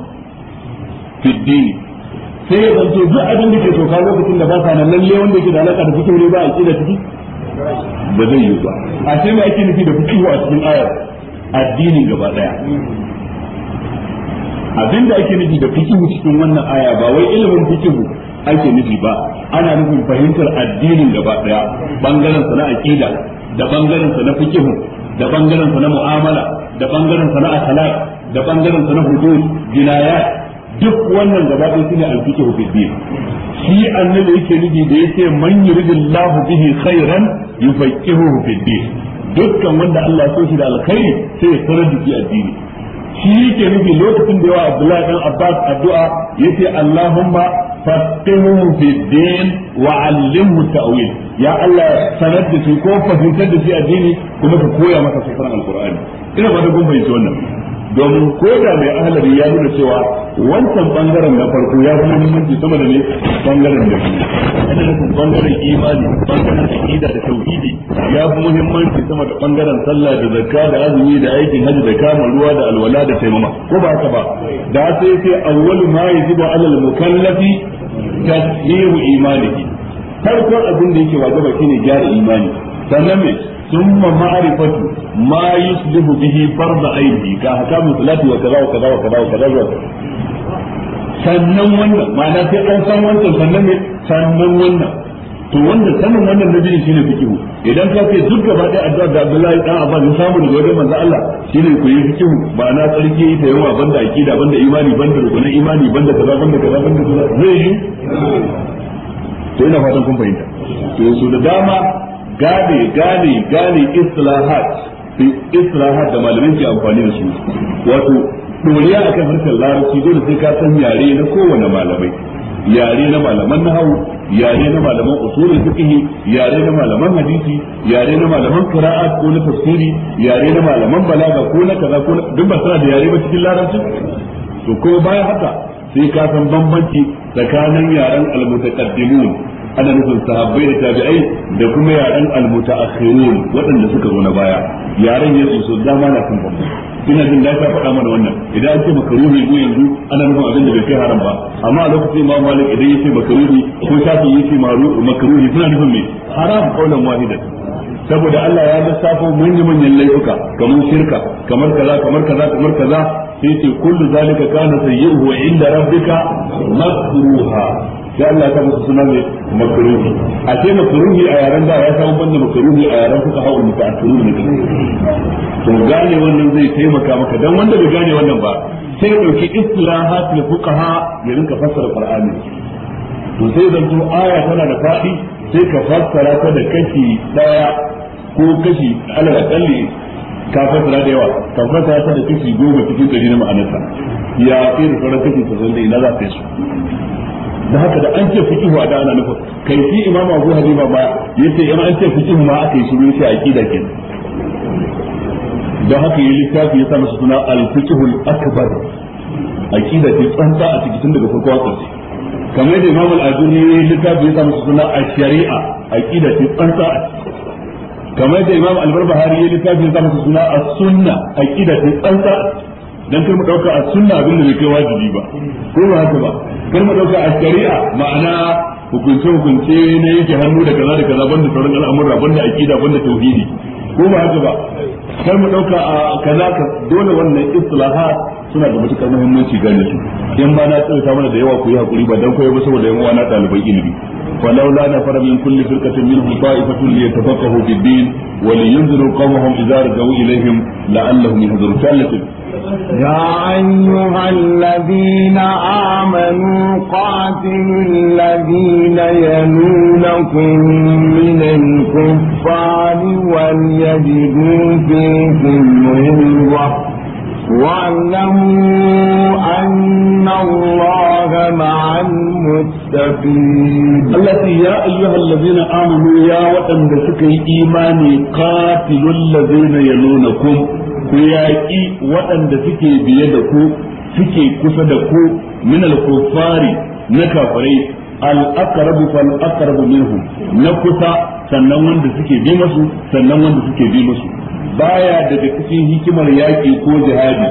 في الدين sai ya zanto duk abin da ke sauka lokacin da ba sa nan lalle wanda yake da alaka da fito ne ba a da ciki ba zai yi ba a sai mai ake nufi da fito a cikin ayar addini gaba daya abin da ake nufi da fikihu cikin wannan aya ba wai ilimin fikihu ake nufi ba ana nufin fahimtar addinin gaba daya bangaren sa na aqida da bangaren sa na fikihu da bangaren sa na mu'amala da bangaren sa na akhlaq da bangaren sa na hudud duk wannan gaba ɗaya shine al fi din shi annabi yake nufi da yake man yuridillahu bihi khairan yufaqihuhu fi din dukkan wanda Allah so shi da alkhairi sai ya sanar da shi addini shi yake nufi lokacin da yawa Abdullahi dan Abbas addu'a yace Allahumma faqihuhu fi din wa 'allimhu ta'wil ya Allah sanar da shi ko fahimtar da shi addini kuma ka koya masa sufan al'kur'ani. ina ba da kun fahimci wannan domin ko da mai ahalari ya nuna cewa wancan bangaren na farko ya fi muhimmanci sama da ne bangaren da biyu ina nufin bangaren imani bangaren aqida da tauhidi ya fi muhimmanci sama da bangaren sallah da zakka da azumi da aikin hajji da kama ruwa da alwala da taimama ko ba haka ba da sai sai awwalu ma yajibu alal mukallafi tashihu imanihi farkon abin da yake wajaba shine gyara imani sannan me thumma ma'rifatu ma yusbihu bihi farda aidi ka hakamu salati wa kaza wa kaza wa kaza wa kaza sannan wannan ma'ana sai an san wannan sannan me sannan wannan to wanda sanin wannan nabi shine fikihu idan ka ce duk gaba ɗaya addu'a da Abdullahi dan Abbas ya samu da gode manzo Allah shine ku yi fikihu na tsarki ta yawa banda akida banda imani banda rukunin imani banda kaza banda kaza banda kaza zai yi to ina fatan kun fahimta to su da dama gane gane gane islahat fi islahat da malamin ke amfani da su wato doriya akan harshen larabci dole sai ka san yare na kowane malamai yare na malaman nahawu yare na malaman usulul fiqh yare na malaman hadisi yare na malaman qira'a ko na tafsiri yare na malaman balaga ko na kaza ko duk ba da yare ba cikin larabci to ko baya haka sai ka san bambanci tsakanin yaren almutaqaddimun ana nufin sahabbai da tabi'ai da kuma yaren almutaakhirun waɗanda suka zo na baya yaren ya so dama na kan bambanci ina jin da faɗa mana wannan idan an ce makaruhi ko yanzu ana nufin abin da bai kai haram ba amma a lokacin ma malik idan yace makaruhi ko shafi yace makaruhi suna nufin me haram kaulan wahidan saboda Allah ya lissafo yi manyan laifuka kamar shirka kamar kaza kamar kaza kamar kaza sai ce kullu zalika kana sayyuhu inda rabbika makruha sai Allah ta musu suna ne makruhi a ce makruhi a yaren da ya samu banda makruhi a yaren kuka hawo ni ka turu ne to gane wannan zai taimaka maka dan wanda bai gane wannan ba sai ya dauki istilahat na fuqaha ya rinka fassara qur'ani to sai zan to aya tana da fadi sai ka fassara ta da kashi daya ko kashi alal akalli ka fassara da yawa ka fassara da kashi goma cikin ɗari na ma'anarsa ya kai da sauran kashi sassan da ina za ta yi su da haka da an ce fikihu a da ana nufin kai shi imam abu halima ba yace in an ce fikihu ma aka yi shiru shi ƙida kenan da haka yi littafi ya sa masa suna al-fiqhul akbar aqida ce tsantsa a cikin daga farko a ƙarshe kamar da imam al-ajuri littafi ya sa masa suna al-shari'a aqida ce tsantsa a cikin kamar da imam albarbahari ya littafin zama su suna a sunna kida ta tsansa dan kar mu dauka a sunna abin da bai kai wajibi ba ko ba haka ba kar mu dauka a sharia ma'ana hukunce hukunce na yake hannu da kaza da kaza banda sauran al'amura banda aqida banda tauhidi ko ba haka ba kar mu dauka a kaza ka dole wannan Islaha suna da matukar muhimmanci gane su in ba na tsaya mana da yawa ku yi hakuri ba dan koyo ba saboda yan uwa na dalibai ilimi فلولا نفر من كل فرقة منهم طائفة ليتفقهوا في الدين ولينذروا قومهم إذا رجعوا إليهم لعلهم يهذرون ثالثا يا أيها الذين آمنوا قاتلوا الذين يلونكم من الكفار وليجدوا فيكم غلظة واعلموا أن الله مع المتقين التي يا أيها الذين آمنوا يا وأن بسكي إيماني قاتلوا الذين يلونكم ويأي وأن بسكي بيدكم سكي كسدكم من الكفار نكفرين الأقرب فالأقرب منهم نكفر sannan wanda suke bi masu sannan wanda suke bi masu baya daga cikin hikimar yaki ko jihadi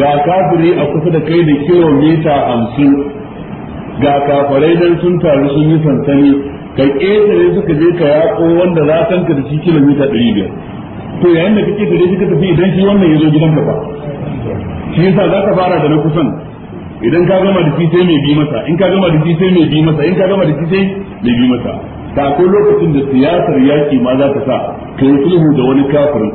ga kafiri a kusa da kai da mita hamsin ga kafarai dan sun taru sun yi sansani ka ƙetare suka je ka yaƙo wanda za san ka da shi kilomita ɗari biyar to yayin da ka shi suka tafi idan shi wannan ya zo ka fa shi yasa za ka fara da na kusan idan ka gama da shi sai mai bi masa in ka gama da shi sai mai bi masa in ka gama da shi sai mai bi masa da akwai lokacin da siyasar yaki ma za ta sa ka yi sulhu da wani kafirin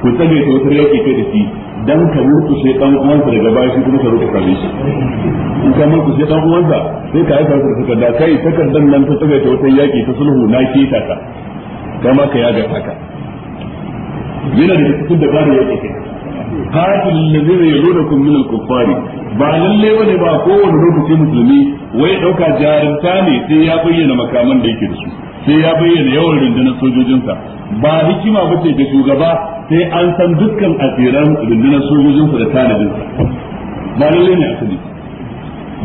ku tsage ta wutar yaki kai da shi dan ka mutu sai dan uwansa daga bayan shi kuma ka roƙa kare shi in ka mutu sai dan uwansa sai ka aika ka takarda kai takardan nan ta tsage ta wutar yaki ta sulhu na ta ka kama ka yaga haka yana da cikin dabarar yaki kai qatil allazina yalunakum min al-kuffari ba lalle wani ba kowane lokaci musulmi wai dauka jarumta ne sai ya bayyana makaman da yake da su sai ya bayyana yawan rundunar sojojinsa ba hikima ba ce ga shugaba sai an san dukkan asiran rundunar sojojinsa da tanadinsa ba lalle ne asali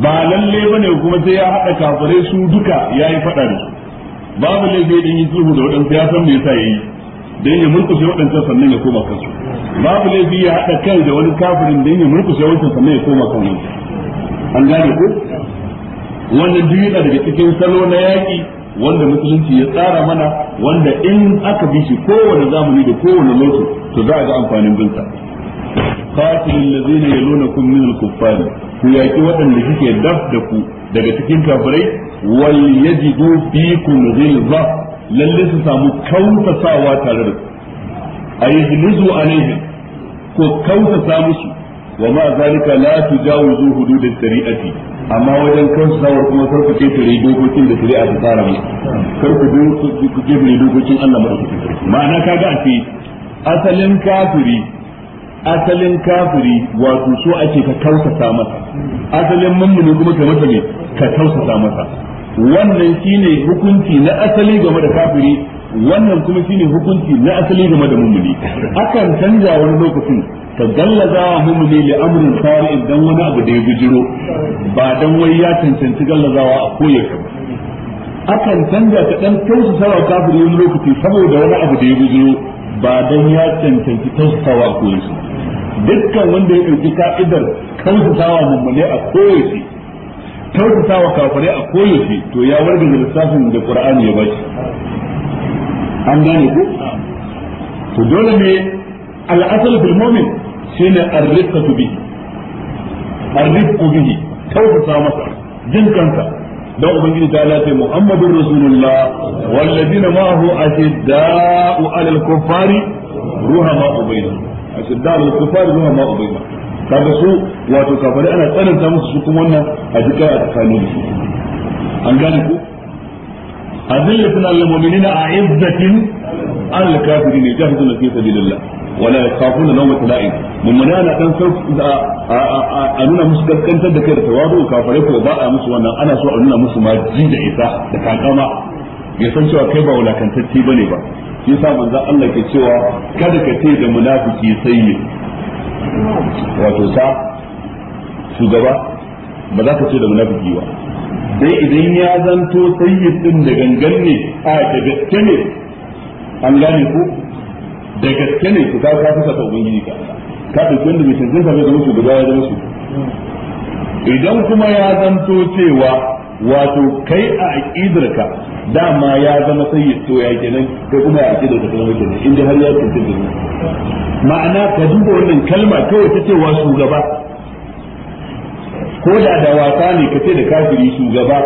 ba lalle ba ne kuma sai ya haɗa kafirai su duka ya yi faɗa da su babu laifi dan yi sulhu da waɗansu ya san me yasa ya yi dan ya murƙushe waɗansu sannan ya koma kansu babu laifi ya haɗa kai da wani kafirin da ya murkushe wancan sannan ya koma kan wani an gane ko wannan duk yana daga cikin salo na yaƙi wanda musulunci ya tsara mana wanda in aka bi shi kowane zamani da kowane lokaci to za a ga amfanin binsa qatilul ladzina yalunakum min al-kuffar ku yaki waɗanda suke daf da daga cikin kafirai wal yajidu fikum ghilza lalle su samu kautasawa tare da ku ay hnizu alaihim ko kausa musu wa ma zalika la tujawizu hudud shari'ati amma wajen kausawar kuma kar ku ketare dokokin da shari'a ta tsara mu kar ku ketare dokokin Allah madaukakin ma'ana kaga a ce asalin kafiri asalin kafiri wato so ake ka sa masa asalin mummuni kuma ka masa me ka sa masa wannan shine hukunci na asali game da kafiri wannan kuma shine hukunci na asali game da mummuni akan canja wani lokacin ka gallaza wa mummuni li amrin sari'in dan wani abu da ya bijiro ba dan wai ya cancanci gallazawa a koye ka akan canja ka dan tausasawa kafiri wani lokaci saboda wani abu da ya bijiro ba dan ya cancanci tausasawa a koye dukkan wanda ya ɗauki ka'idar tausasawa mummune a koye shi tausasawa kafirai a koye to ya warga lissafin da qur'ani ya bashi an gane ku to dole ne al'asal bil mu'min shine ar-rifqatu bihi ar-rifqu bihi tausasa masa jin ubangiji ta ma'ahu 'alal 'alal kaga su wato ana tsananta musu su kuma wannan a jika a tsakanin su an gane ku أذلة على المؤمنين أعزة على الكافرين يجاهدون في سبيل الله ولا يخافون نومة لائم من منانا كان سوف أنونا مسكتكن تدكير تواضع كافريك وباء مسوانا أنا سوء أنونا مسوى جيد إساء تتعقام يسان سوى كيبا ولا كان تتيبني با يسا من ذا الله كتوى كذا كتير منافقي سيء وتسا شو gaba ba za ka ce da munafiki ba dai idan ya zanto sayyid din da gangan ne a da gaske ne an gane ku da gaske ne ku ka ka fusa ta ubangiji ka ka dauki wanda bai tantance ba musu shugaba ya zama su idan kuma ya zanto cewa wato kai a aqidarka dama ya zama sayyid to ya kenan kai kuma a aqidar ka zama kenan Inda har ya tantance ma'ana ka duba wannan kalma kawai ta cewa shugaba ko da da wasa ne kace da kafiri shugaba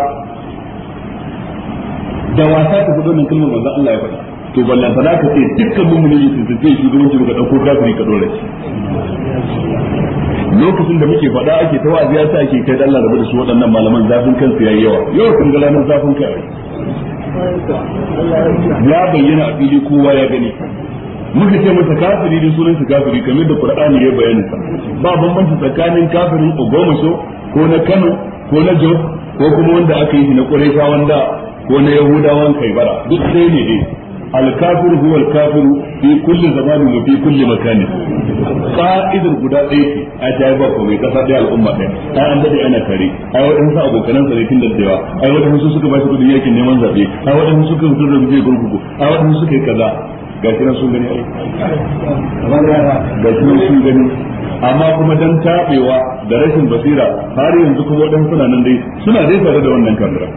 da wasa ka fito nan kalmar manzon Allah ya faɗa to ballan fa ka ce dukkan mu'minin su zai shugabanci ka dauko kafiri ka dora shi lokacin da muke faɗa ake ta wa'azi ya sa ake kai da Allah rabu da su waɗannan malaman zafin kansu yayi yawa yau kun ga ranar zafin kai ya bayyana a fili kowa ya gani muka ce masa kafiri da sunan shi kafiri kamar da Qur'ani ya bayyana ba bambanci tsakanin kafirin goma so. ko na Kano ko na Jos ko kuma wanda aka yi na Quraisha wanda ko na Yahudawan Kaibara duk sai ne dai alkafir huwa alkafir fi kulli zamani wa fi kulli makani qa'idul guda ɗaya ce a ta ba ko mai kasa ɗaya al'umma ɗaya ai an dade ana tare ai su abokanan sa da daddewa ai su suka ba su kudin yakin neman zabe ai su suka fitar da bije gurgugu ai su suka yi kaza ga shi nan sun gani ga shi nan sun gani amma kuma dan tabewa da rashin basira har yanzu kuma waɗansu suna nan dai suna dai tare da wannan kamera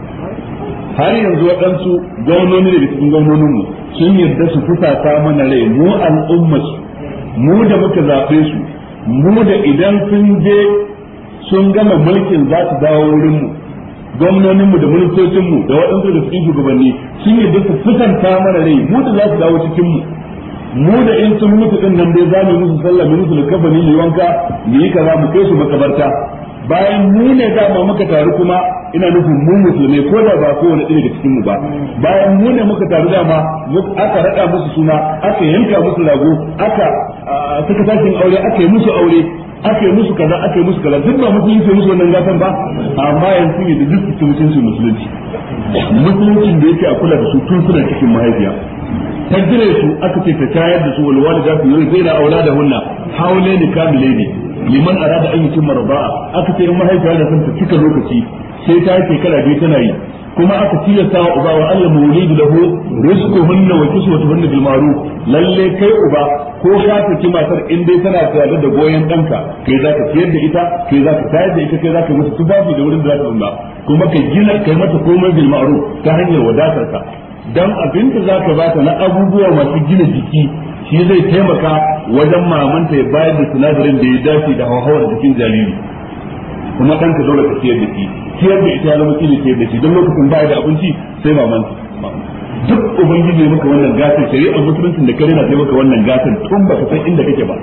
har yanzu waɗansu gwamnoni da cikin gwamnoninmu sun yarda su fusata mana rai mu al'umma mu da muka zaɓe su mu da idan sun je sun gama mulkin za su dawo wurinmu gwamnoninmu da ministocinmu da waɗansu da cikin shugabanni sun yi su kusanta mana rai mu da za su dawo cikinmu mu da in sun mutu din nan dai za mu musu sallah mu musu ni mu wanka mu yi kaza mu kai su makabarta bayan mu ne za mu muka taru kuma ina nufin mu musulmai ko da ba kowane ɗaya da cikinmu ba bayan mu ne muka taru dama aka raɗa musu suna aka yanka musu rago aka suka tashin aure aka yi musu aure ake musu kaza ake musu kaza duk ba musulunci musu wannan gatan ba amma yanzu ne da duk su mutunci musulunci musuluncin da yake a kula da su tun suna cikin mahaifiya ta gire su aka ce ta tayar da su walwalida su zai na aula da hunna haule ne kamile ne liman arada an yutim marba'a aka ce in mahaifiya da ta cika lokaci sai ta yi kala biyu tana yi kuma aka tilasta wa uba wa Allah mawlidu lahu rizquhunna wa kiswatuhunna bil ma'ruf lalle kai uba ko ka saki matar in dai tana tare da goyon ɗanka kai za ka ciyar da ita kai za ka tayar da ita kai za ka mata babu da wurin da za ka umma kuma ka gina kai mata komai bil ma'ruf ta hanyar wadatar ka dan abin da za ka bata na abubuwa masu gina jiki shi zai taimaka wajen mamanta ya bayar da sinadarin da ya dace da hauhawar jikin jariri kuma ɗanka dole ka ciyar da shi ciyar da ita ya zama ciyar da shi don lokacin baya da abinci sai mamanta duk ubangiji maka wannan gasar shari'ar musuluncin da kare na sai maka wannan gasar tun baka san inda kake ba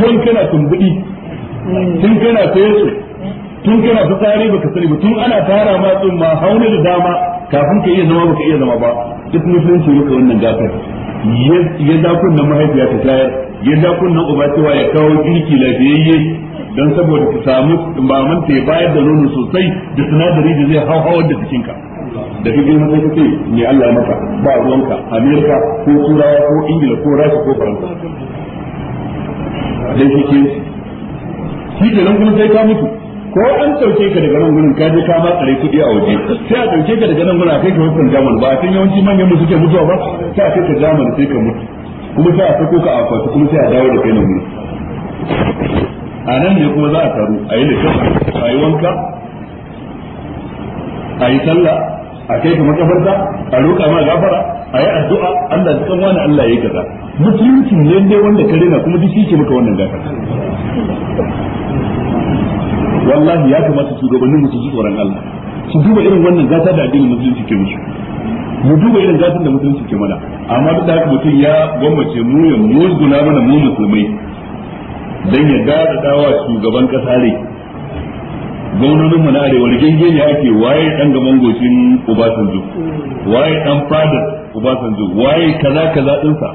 tun kana tumbudi tun kana tsaye tun kana fitsari baka sani ba tun ana tara ma tsun ma hauna da dama kafin ka iya zama baka iya zama ba duk musulunci maka wannan gasar. ya da kunnan mahaifiya ta tayar ya da kunnan uba cewa ya kawo girki lafiyayye don saboda ta samu mamanta ya bayar da nono sosai da sinadari da zai hau hawar da ka. da kake mun sai kace ne Allah ya maka ba ruwanka Amerika ko Turawa ko Ingila ko Rasha ko Faransa dai shi ke shi ke nan kuma sai ka mutu ko an sauke ka daga nan gurin ka je ka ba tsare kuɗi a waje sai a sauke ka daga nan gurin a kai ka hukun jaman ba tun yawanci manyan mu suke mutuwa ba sai a kai ka jaman sai ka mutu kuma sai a sako ka a kwatu kuma sai a dawo da kai nan gurin a nan ne kuma za a taru a yi da a yi wanka a yi sallah a kai ka makafarta a roƙa ma gafara a yi addu'a Allah ya san wani Allah ya yi kaza musulunci ne ne wanda ka rena kuma duk shi maka wannan gafara wallahi ya kamata shugabannin mu su ji tsoron Allah su duba irin wannan gata da addinin musulunci ke musu mu duba irin gatan da musulunci ke mana amma duk da haka mutum ya gwammace mu ya guna mana mu musulmai dan ya dada dawa shugaban kasa gwamnonin mu na arewa rigenge ne ake waye dan gaban gocin Obasanjo waye dan fadar Obasanjo waye kaza kaza din sa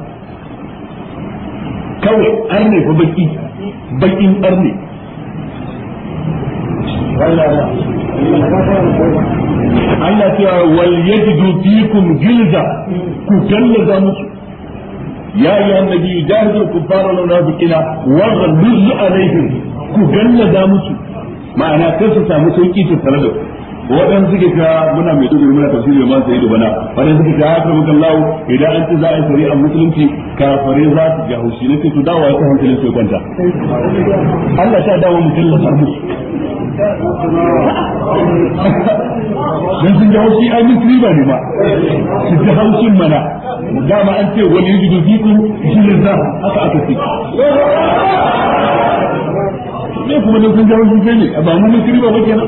kawai arne fa baki bakin arne Allah cewa wal yajidu fikum gilza ku gallaza musu يا أيها النبي جاهد الكفار والمنافقين واغلظ عليهم كجلد مسلم ma'ana sai su samu sauki tattare da waɗanda suke ta muna mai tudu muna tafsiri da masu ido bana waɗanda suke ta haka mukan lawo idan an ci za a yi fari a musulunci kafare za su ga haushi na su dawo ya kafin filin kwanta Allah ta dawo mu da sarmu dan sun ga haushi an yi riba ne ma su ji haushin mana dama an ce wani yujidu fiku shi ne za haka aka ce ne kuma ne sun jawo shi ne ba mun mutu ba kenan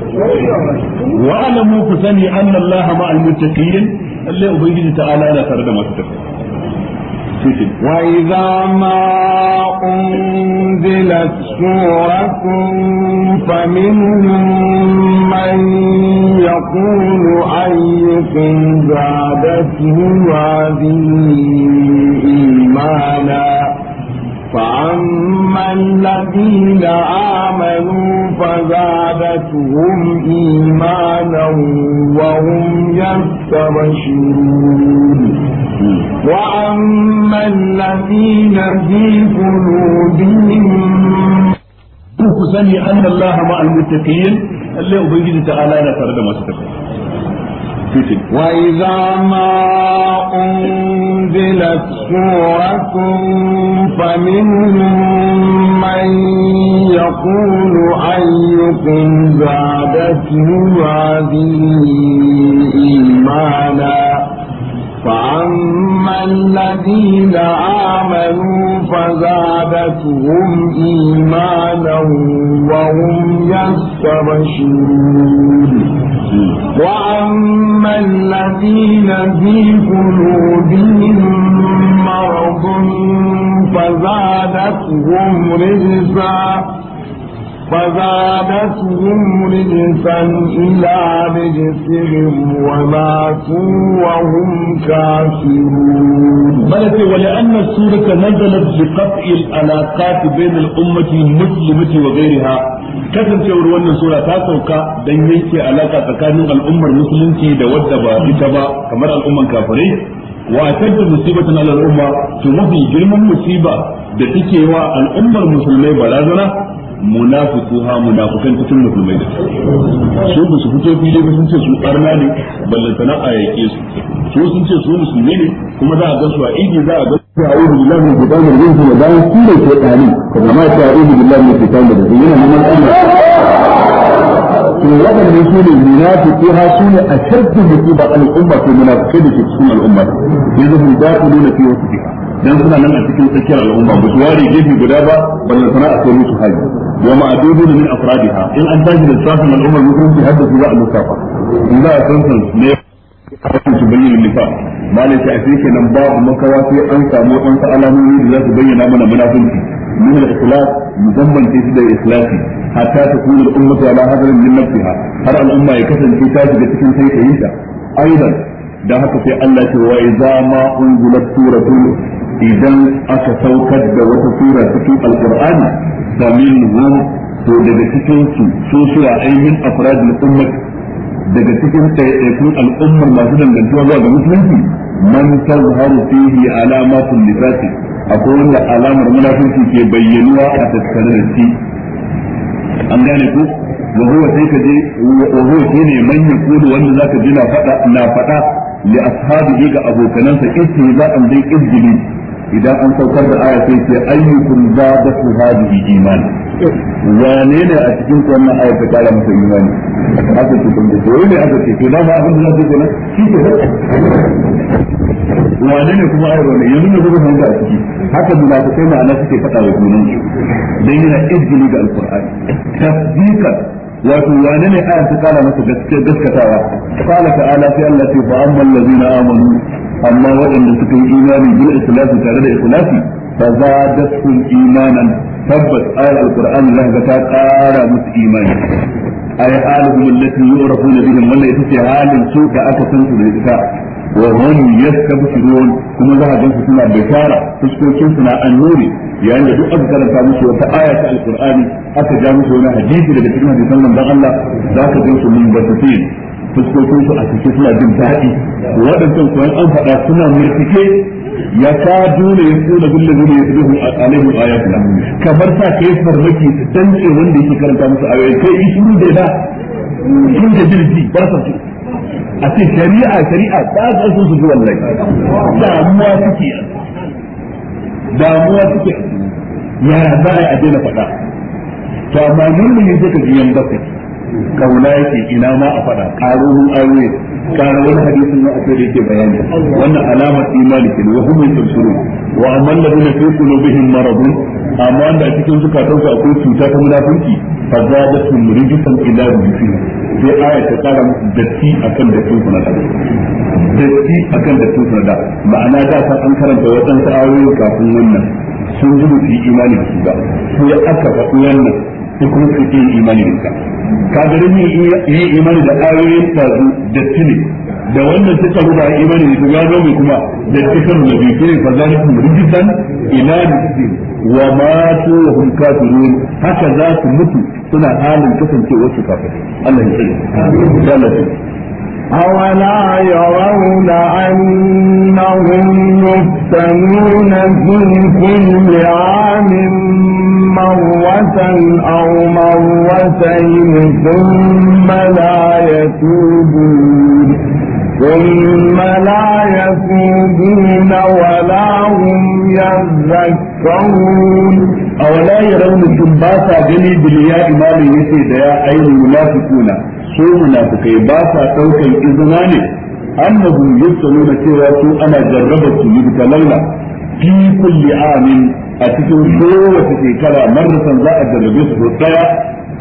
wa alamu ku sani anna allaha ma'al muttaqin lalle ubangiji ta'ala yana tare da masu takawa وإذا ما أنزلت سورة فمنهم من يقول أيكم زادته هذه إيمانا فأما الذين آمنوا فزادتهم إيمانا وهم يستبشرون وأما الذين في قلوبهم ku sani anna Allah ma'al muttaqin Allah ubangiji ta'ala yana tare da masu Waizama, unzila tukwatsu fa min mu ma ya kula aiyukan za tafi mafi yi فأما الذين آمنوا فزادتهم إيمانا وهم يستبشرون وأما الذين في قلوبهم مرض فزادتهم رجسا فزادتهم رجسا إلى رجسهم surata وهم كافرون ملك ولأن السورة نزلت بقطع العلاقات بين الأمة المسلمة وغيرها kasancewar wannan sura ta sauka don yanke alaka tsakanin al'ummar musulunci da wadda ba ita ba kamar al'umman kafirai wa tadda musibatan al'umma to mafi girman musiba da take wa al'ummar musulmai barazana munafiquha munafikan cikin musulmai da su ba su fito fili ba sun ce su arna ne ballantana a yake su su sun ce su musulmi ne kuma za a gansu a idi za a ga su a'udhu billahi min shaitanir rajim da bayan su ne shaytani kuma ma ta'udhu billahi min shaitanir rajim yana neman Allah to waɗannan su ne munafiki ha su ne a shartu musiba al'umma ko munafikai da ke cikin al'umma yanzu hum da'iluna fi wasfiha dan suna nan a cikin tsakiyar al'umma ba su ware gefe guda ba ballan sana a kai musu hali wa ma'adudun min afradiha in an tashi da safin al'ummar har hadda su za a lissafa in za a san san ne kafin su bayyana nifa malai ta ake kenan babu makawa sai an samu wasu alamomi da za su bayyana mana munafunci من الإخلاص مضمن في سيدة إخلاصي حتى تكون الأمة على هذا من نفسها هر الأمة يكسن في تاج بتكن سيئة أيضا da haka sai Allah ce wa idza ma unzilat idan aka saukar da wata sura cikin alqur'ani faminhum to daga cikin su su sura ainihin afradul ummah daga cikin ɗaiɗaikun al'ummar masu dangantuwa zuwa ga musulunci man tazharu fihi alamatul nifaqi akwai wanda alamar munafurci ke bayyanuwa a tattare da shi an gane ku wa huwa sai ka je wa huwa ne manyan kudu wanda zaka ji na fada na fada li ashabi ga abokanansa an dai izgili idan an saukar da aya sai ce ayyukum zadatu hadhihi iman wane ne a cikin ku wannan aya ta kara masa imani aka ce kun da dole ne aka ce to da ba abin da zai gona shi ke wane ne kuma ayar wani yanzu ne kuma hanga a ciki haka munafikai ma'ana suke faɗa wa junan su dan yana izini ga alqur'ani tasdiqan wato wane ne ayar ta kara masa gaskatawa qala ta'ala fi allati fa amma allazina amanu amma waɗanda suka yi imani bil ikhlasi tare da ikhlasi fa zadatkum imanan tabbas ayar alqur'ani la ta ƙara musu imani ay halihum allati yu'rafuna bihim wannan ita ce halin su da aka san su da ita wa hum yastabshirun kuma za a gansu suna bishara fuskokin na annuri yayin da duk aka karanta musu wata aya ta alqur'ani aka ja musu wani hadisi daga cikin hadisan manzon Allah za ka gansu mun basatin fuskokin su a cikin suna jin daɗi waɗancan kuwa an faɗa suna murtike ya ka dole ya tsuna gulle gulle ya fi tsibihu alaihim ayatuna kamar sa kai farmaki su dantse wanda yake karanta musu ayoyi kai yi shuru da da sun da jirgi ba sa su a ce shari'a shari'a ba sa su su ji wallahi damuwa suke damuwa suke ya za a yi a daina faɗa to amma nan ne zai ka biyan bakai kauna yake ina ma a faɗa ƙarurin aure kana wani hadisin na akwai da yake bayani wannan alamar imani ke wa hum yusuru wa amman ladina fi qulubihim maradun amma wanda a cikin zukatansu akwai cuta ta munafiki fa zadatu murijatan ila rujufi sai aya ta ƙara datti akan dattin kuna da datti akan dattin kuna da ma'ana da san an karanta wannan ayoyi kafin wannan sun ji mutu imani da su ba sai aka faɗi wannan sai kuma su imani da ka gari ne yi imani da ayoyin tazu da tini da wannan ta tabu ba imani da ya zo mai kuma da cikin nabi shine fazalikum kuma ila nisin wa ma su hum kafirun haka za su mutu suna halin kasancewar su kafirai Allah ya tsare Allah أولا يرون أنهم يفتنون في كل عام مرة أو مرتين ثم لا يتوبون ثم لا يتوبون ولا هم يذكرون أولا يرون الشباسة جلي بلياء إمام يسي ديا أي المنافقون سو منافقين باسا توكا إذناني أنهم يسألون سوى أنا جربت يبتلون في كل عام a cikin kowace shekara marratan za a jarrabe su ko daya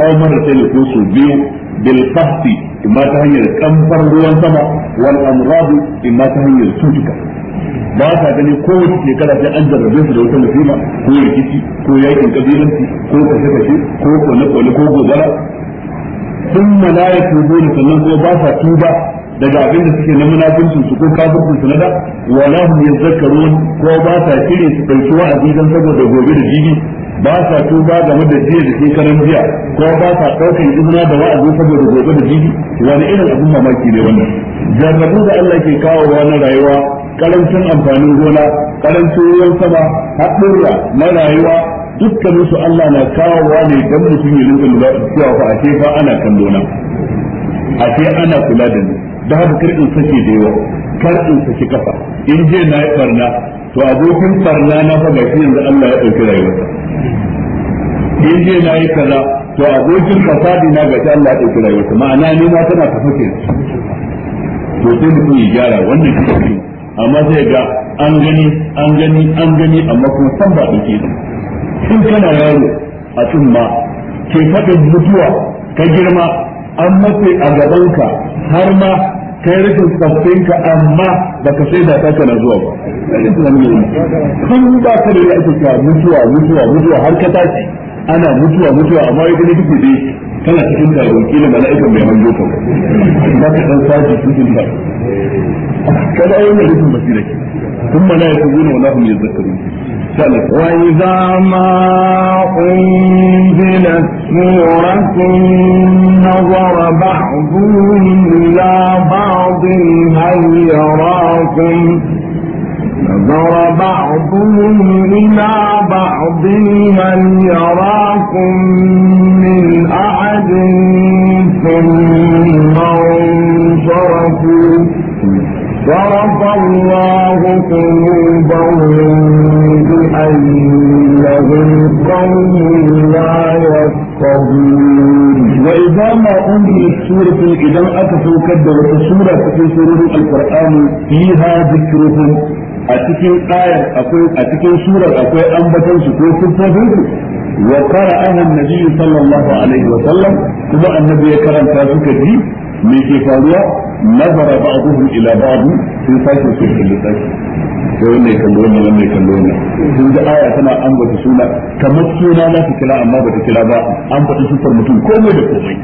aw marratan ko su biyu bil imma ta hanyar kamfar ruwan sama wal amrad imma ta hanyar cutuka ba ta gani kowace shekara sai an jarrabe su da wata musiba ko rikici ko yakin kabilanci ko kashe kashe ko kone kone ko gobara sun malaya tubuni sannan ko ba sa tuba daga abin da suke na munafincin su ko kafircin su na da wala hum yazakkarun ko ba sa kire su dauki wa'azi dan saboda gobe da jibi ba sa tuba game da jiya da karan jiya ko ba sa daukan izina da wa'azi saboda gobe da jibi wani irin abin mamaki ne wannan jarrabu da Allah ke kawo na rayuwa karancin amfanin gona karancin ruwan sama haɗurra na rayuwa dukkanin su Allah na kawowa ne dan mutum ya rinka lura cewa fa a fa ana kallona a ana kula da ni da haka kar in sake da yawa kar in sake kafa in je na yi barna to abokin barna na fa gashi yanzu Allah ya dauki rayuwarsa in je na yi kaza to abokin fasadi na gashi Allah ya dauki rayuwarsa ma'ana ne ma tana tafi ke to sai mutum ya gyara wannan shi amma sai ga an gani an gani an gani amma kuma san ba dauke ba in kana yaro a ma ke faɗin mutuwa ka girma an mace a gabanka har ma kai rikin ka amma baka sai da taka na zuwa ba kun ba ka da ya ka mutuwa mutuwa mutuwa har ka tashi ana mutuwa mutuwa amma ya gani duk da kana cikin taron da mala'ikan mai hango ka ba ka san sashi cikin ba kada ayyuka da basira ke kun mana ya kuma ya hum مختلف وإذا ما أنزلت سورة نظر بعضهم إلى بعض هل يراكم نظر بعضهم إلى بعض هل يراكم من أحد ثم انصرفوا شرف الله قلوبهم بأن لهم لا يتقون وإذا ما أنزل السورة إذا أتفوا كدر السورة في سورة القرآن فيها ذكرهم a cikin ayar akwai a cikin surar akwai ambaton su ko sun tafi wa qara ahun nabi sallallahu alaihi wa sallam kuma annabi ya karanta su kaji me ke faruwa nazara ba'dhum ila ba'd sun sashi su kalli sashi sai wanda ya kalli wannan wanda ya kalli wannan sun ga aya tana ambata suna kamar suna na kira amma bata kira ba an faɗi sufar mutum komai da komai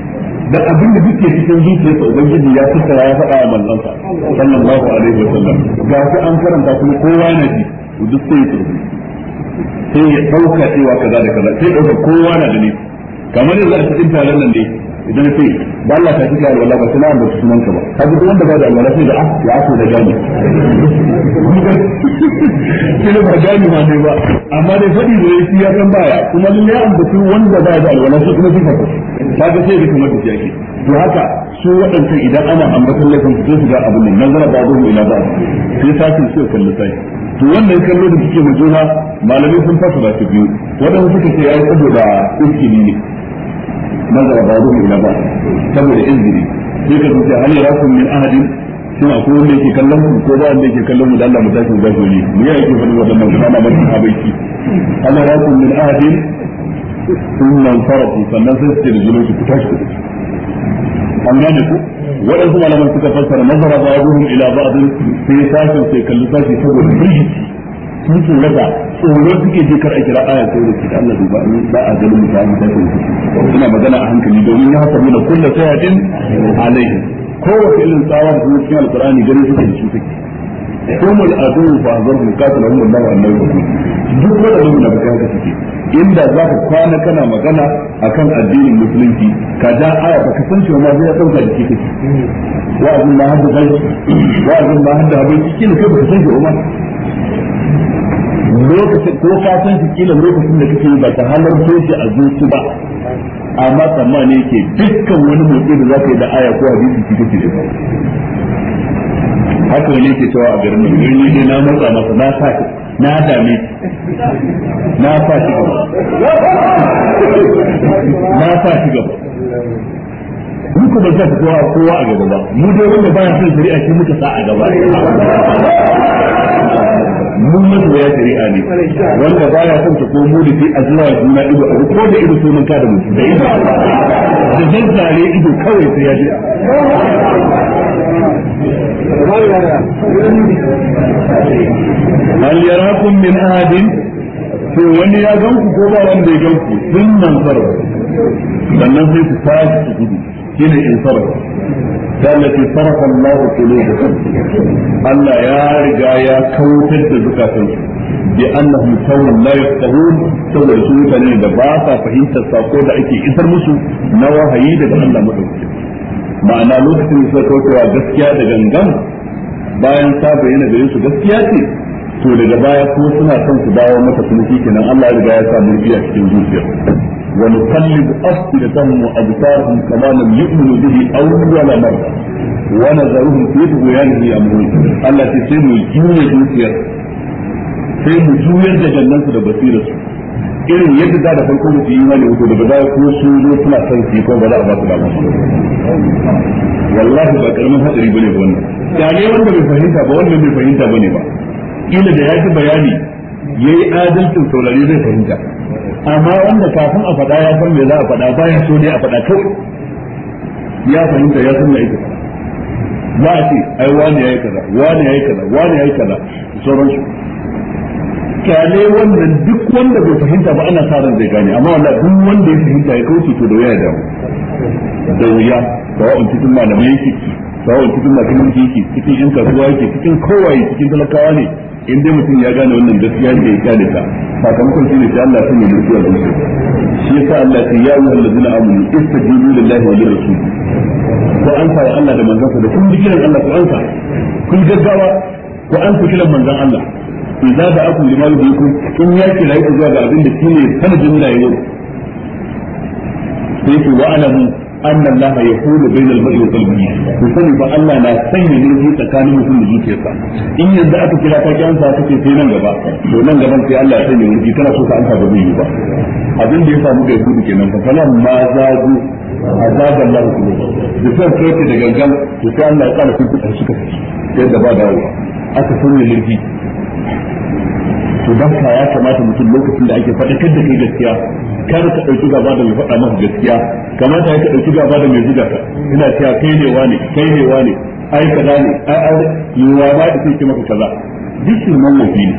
da abin da duke cikin zuciyarsa ubangiji ya fassara ya faɗa wa manzansa sallallahu alaihi wa ga shi an karanta kuma kowa na ji duk sai ya turbi sai ya ɗauka cewa kaza da kaza sai ɗauka kowa na da ni. kamar yanzu a cikin taron nan ne idan sai Ba Allah ta kika alwala ba sai na sunan ka ba kaga duk wanda ba da alwala sai da ah ya aso da gani sai ba gani ma ne ba amma dai fadi da yake ya san baya kuma lalle an batu wanda ba da alwala sai kuma kika ka kaga sai da kuma da yake to haka su waɗancan idan ana ambaton laifin su su ga abin nan nazara ba zo ila ba sai sakin sai kalli sai to wannan kallo da kike mu juna malamai sun fasa da su biyu wadanda suka ce yayi saboda iskini ne nazara ba'dhum ila ba'd saboda izini sai ka zuciya hal yarakum min ahadin shin akwai wanda yake kallon ku ko ba wanda yake kallon mu da Allah mu tashi zafi ne mu ya yake fadi wadannan kuma na bakin abaiki hal yarakum min da ku tashi ku waɗansu malaman suka fassara nazara ba'dhum ila ba'd sai sashin sai kalli sashi saboda firgici sun tsorata tsoron suke je kar a kira aya ta wurin kita Allah duba ni ba a ganin mutane ta ce suna magana a hankali domin ya samu da kullu sayatin alaihi kowace irin tsawa da kuma cikin alqur'ani ganin suke da su take kuma al'adu fa zan mukatal hum Allah wa Allah duk wanda ne na bayan ka take inda za ka kwana kana magana akan addinin musulunci ka ja aya ba ka san cewa ma zai dauka da kike Wa'azin abin ma hadda bai wa abin ma hadda bai kike ne ka san cewa ma lokacin ko ka san shi kila lokacin da kake ba ta halar shi a zuci ba amma ne yake dukkan wani motsi da zaka yi da aya ko hadisi shi kake da haka ne ke cewa a garin nan ni ne na matsa masa na sa na dame na sa gaba na sa shi gaba mu ko ba za ku kowa kowa a gaba ba mu dai wanda ba ya son shari'a shi muka sa a gaba mun masoya shari'a ne wanda ya son ta komo da shi a zuwa juna ido a ko da ido sunan ka da mutum da ido da zan zare ido kawai sai ya jira hal yarakum min ahadin to wani ya ganku ko ba wanda ya ganku sun nan farko sannan sai ku tashi su gudu shine in sarrafa dallati ke Allahu qulubuhum Allah ya riga ya kautar da zukatan su bi annahum qawlan la yafqahun saboda su mutane da ba sa fahimtar sako da ake isar musu na wahayi daga Allah madaukaki ma'ana lokacin da suka gaskiya da gangan bayan ta bayyana gare su gaskiya ce to daga baya ko suna son su dawo mata kuma kenan Allah ya riga ya sa murfi cikin zuciyarsu ونقلب أفئدتهم وأبصارهم كما لم يؤمنوا به أول مرة ونذرهم في طغيانهم يأمرون التي سيم الجوية دوسيا سيم الجوية جنان سيد بصيرة irin yadda za da farko da su yi mani wato daga baya ko su zo suna son su yi ko ba za a ba su da ba karamin hadari bane wannan da wanda bai fahimta ba bai fahimta bane ba da ya ji bayani yayi adalcin saurari zai fahimta amma wanda kafin a faɗa ya san me za a faɗa bayan so ne a faɗa kawai ya fahimta ya san me yake za a ce ai wani yayi kaza wani yayi kaza wani yayi kaza shi kyale wannan duk wanda bai fahimta ba ana sa ran zai gane amma wallahi duk wanda ya fahimta ya kauce to da wuya ya damu da wuya sawa'un cikin malamai yake sawa'un cikin masu mulki yake cikin yan kasuwa yake cikin kowaye cikin talakawa ne in dai mutum ya gane wannan gaskiya ce ya gane ta sakamakon shi ne sai Allah sanya mulki a zuciya shi yasa Allah ya ya ayyuhal ladina amanu wa lirrasul ko an Allah da manzansa da kun dikiran Allah ku an kun gaggawa ko an ku kiran manzan Allah idza da'akum lima yuhyikum in ya kira ku zuwa ga abin da shine sanadin rayuwar sai ku أن الله يحول بين المرء وقلبه وصلي فالله لا سيني منه تكاني مثل نجي كيسا إن يزدأت كلا تاكي أنسا تكي في ننجبا وننجبا في الله سيني منه كنا سوك أنسا بذيه با أبين دي سامو كي يقول كي ننسا فلا ما زادوا أزاد الله قلوبا بسر كيتي دقنقل وكان الله قال كنت أشكت كيدا بعد أولا أكثر من الجيد to dan ka ya kamata mutum lokacin da ake faɗakar da kai gaskiya kada ka ɗauki gaba da mai faɗa maka gaskiya kamata ya ka ɗauki gaba da mai zuga ka ina cewa kai ne wane kai ne wane ai kaza ne ai ai yiwa ba da sai maka kaza dukkan shirman lafi ne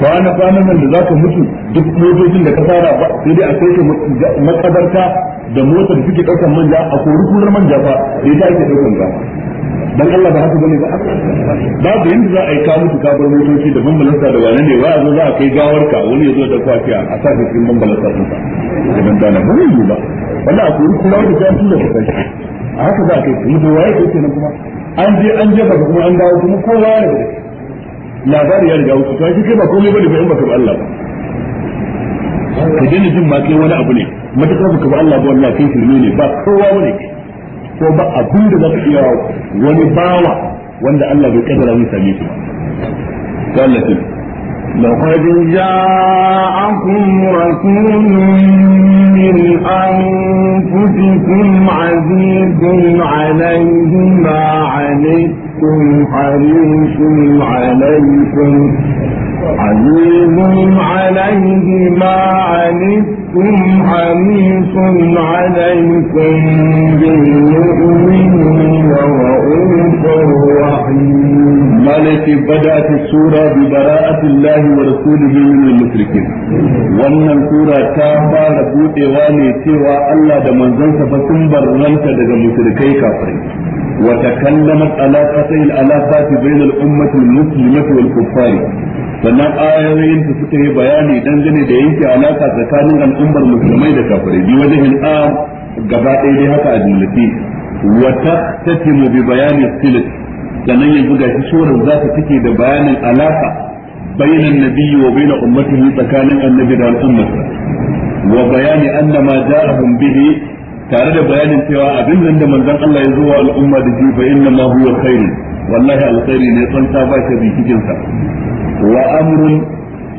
kwana kwanan nan da za ka mutu duk motocin da ka fara ba sai dai a kai ka makabarta da motar da suke ɗaukar manja a kori kurar manja fa sai ta ake ɗaukar gama dan Allah ba haka bane ba babu yanda za a yi kawo musu kabar motoci da bambalansa da wane ne wa zo za a kai gawar ka wani ya zo da kwafiya a sa cikin bambalansa din da dan dana ba ne ba wala a kuma kula da ta tunda ka kai a haka za a kai kuma da waye kake nan kuma an je an jefa kuma an dawo kuma kowa ya rabu labari ya riga wuce kai shi kai ba komai bane ba in baka ba Allah ba ka daina jin ma kai wani abu ne matakar baka ba Allah ba wallahi kai shirme ne ba kowa bane kai ko ba abin da za ka iya wani bawa wanda Allah bai kaddara zai same shi ba wallahi لقد جاءكم رسول من أنفسكم عزيز عليه ما عنتم حريص عليكم عزيز عليه ما عنتم حريص عليكم بالمؤمنين رؤوف رحيم مالك بدأت السورة ببراءة الله ورسوله من المشركين wannan sura ta fara buɗewa ne cewa Allah da manzansa fa sun barranta daga mushrikai kafirai وتكلمت على قتل العلاقات بين الأمة المسلمة والكفار sannan ayoyin da suka yi bayani dangane da yanke alaka tsakanin al'ummar musulmai da kafirai bi wajen a gaba ɗaya dai haka a Wata wa mu bi bayani silat sannan yanzu ga shi surar za ta take da bayanin alaka bainan nabiyyi wa baina ummatihi tsakanin annabi da al'ummar. wa bayani annama ja'ahum bihi tare da bayanin cewa abin nan da manzon Allah ya zo wa al'umma da ji fa inna ma huwa khair wallahi alkhairi ne tsanta ba shi bi sa وأمر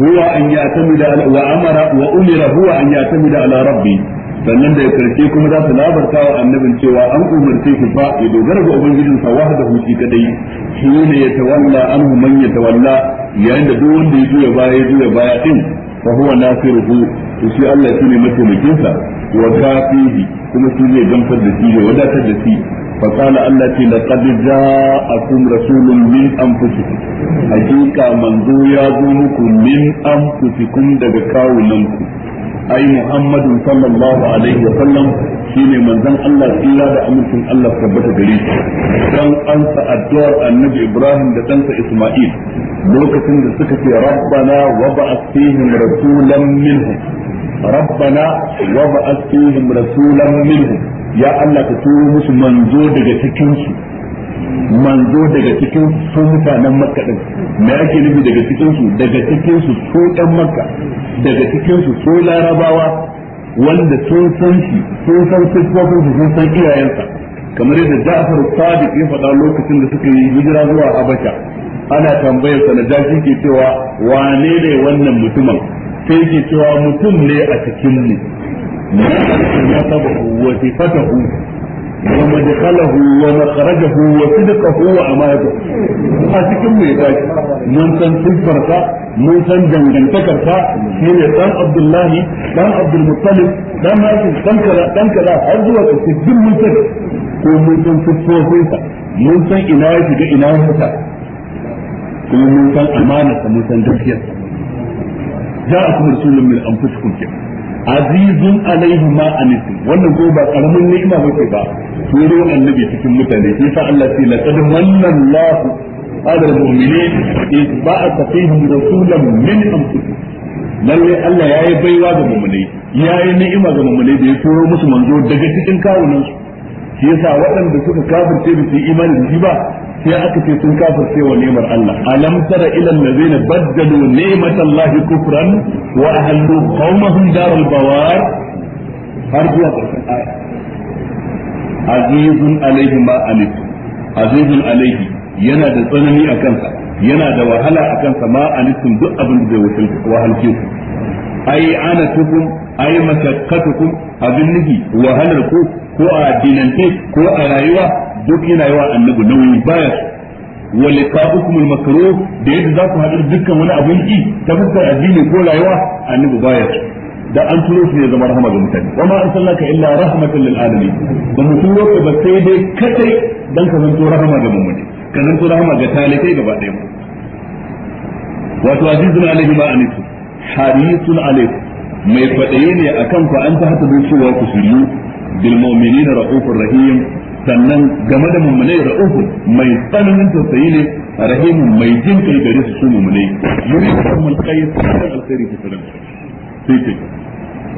هو أن يعتمد على وأمر وأمر هو أن يعتمد على ربي sannan da ya karshe kuma za su labarta wa annabin cewa an umarce shi fa ya dogara ga ubangijin sa wahdahu shi kadai shi ne ya tawalla anhu man ya tawalla yayin da duk wanda ya juya baya ya juya baya din fa huwa nasiruhu to shi Allah shine mataimakin sa wa kafihi kuma shi zai gamsar da shi ya wadatar da shi fa Allah ce laqad ja'akum rasulun min anfusikum hakika manzo ya zo muku min anfusikum daga kawunanku ai Muhammadu sallallahu alaihi wa sallam shine manzon Allah tsira da amincin Allah tabbata gare shi dan an sa addu'ar Annabi Ibrahim da ɗansa Isma'il lokacin da suka ce rabbana wa ba'ath fihim rasulan minhum rabbana wa ba'ath fihim rasulan minhum ya Allah ka turo musu manzo daga cikin su manzo daga cikin su mutanen makka din me yake nufi daga cikin su daga cikin su su dan makka daga cikin su su larabawa wanda sun san shi sun san sifofin su san iyayensa kamar yadda Ja'far Sadiq ya faɗa lokacin da suka yi hijira zuwa Habasha ana tambayar sa na ke cewa wane ne wannan mutumin sai yake cewa mutum ne a cikin mu ya saba wa sifatahu wa madkhalahu wa makhrajahu wa sidqahu wa amanatuhu a cikin mu ya tashi mun san sifarsa mun san dangantakarsa shine dan Abdullahi dan Abdul Muttalib dan Hashim dan kaza dan kaza har zuwa cikin mun san ko mun san sifofinsa mun san ina ya shiga ina ya fita kuma mun san amanarsa mun san gaskiyarsa ja'akum rasulun min anfusikum azizun alaihi ma anitum wannan ko ba karamin ni'ima bace ba turo annabi cikin mutane sai sa Allah ce laqad manna Allah ala almu'minin idh ba'atha fihim rasulan min lalle Allah yayi baiwa ga Ya yi ni'ima ga mu'minai da ya turo musu manzo daga cikin kawunan su shi yasa waɗanda suka kafirce da su imani da shi ba sai aka ce sun kafirce wa ni'mar Allah alam tara ila allazina baddalu ni'matallahi kufran wa ahallu qaumahum daral bawar har zuwa ƙarshen aya azizun alaihi ma alif azizun alaihi yana da tsanani a kansa yana da wahala a kansa ma alikum duk abin da zai wuce wahalke ku ai ana tukun, ai mashakkatukum abin nufi wahalar ku ko a dinante ko a rayuwa duk yana yawa annabi nauyi baya wa liqa'ukum al-makruh da yadda za ku haɗu dukkan wani abin ta fuskar addini ko rayuwa annabi baya da an turo shi ne zama rahama ga mutane wa ma arsalnaka illa rahmatan lil ba mu ba sai dai kadai dan ka rahama ga mummuni ka rahama ga talikai gaba ɗaya mai fadaye ne akan ku an ta hata cewa ku sannan game da mummune da uku mai tsananin tausayi ne rahimun mai jin kai gare su su mummune yuri da kuma kai sanan alheri ta sanan sai ce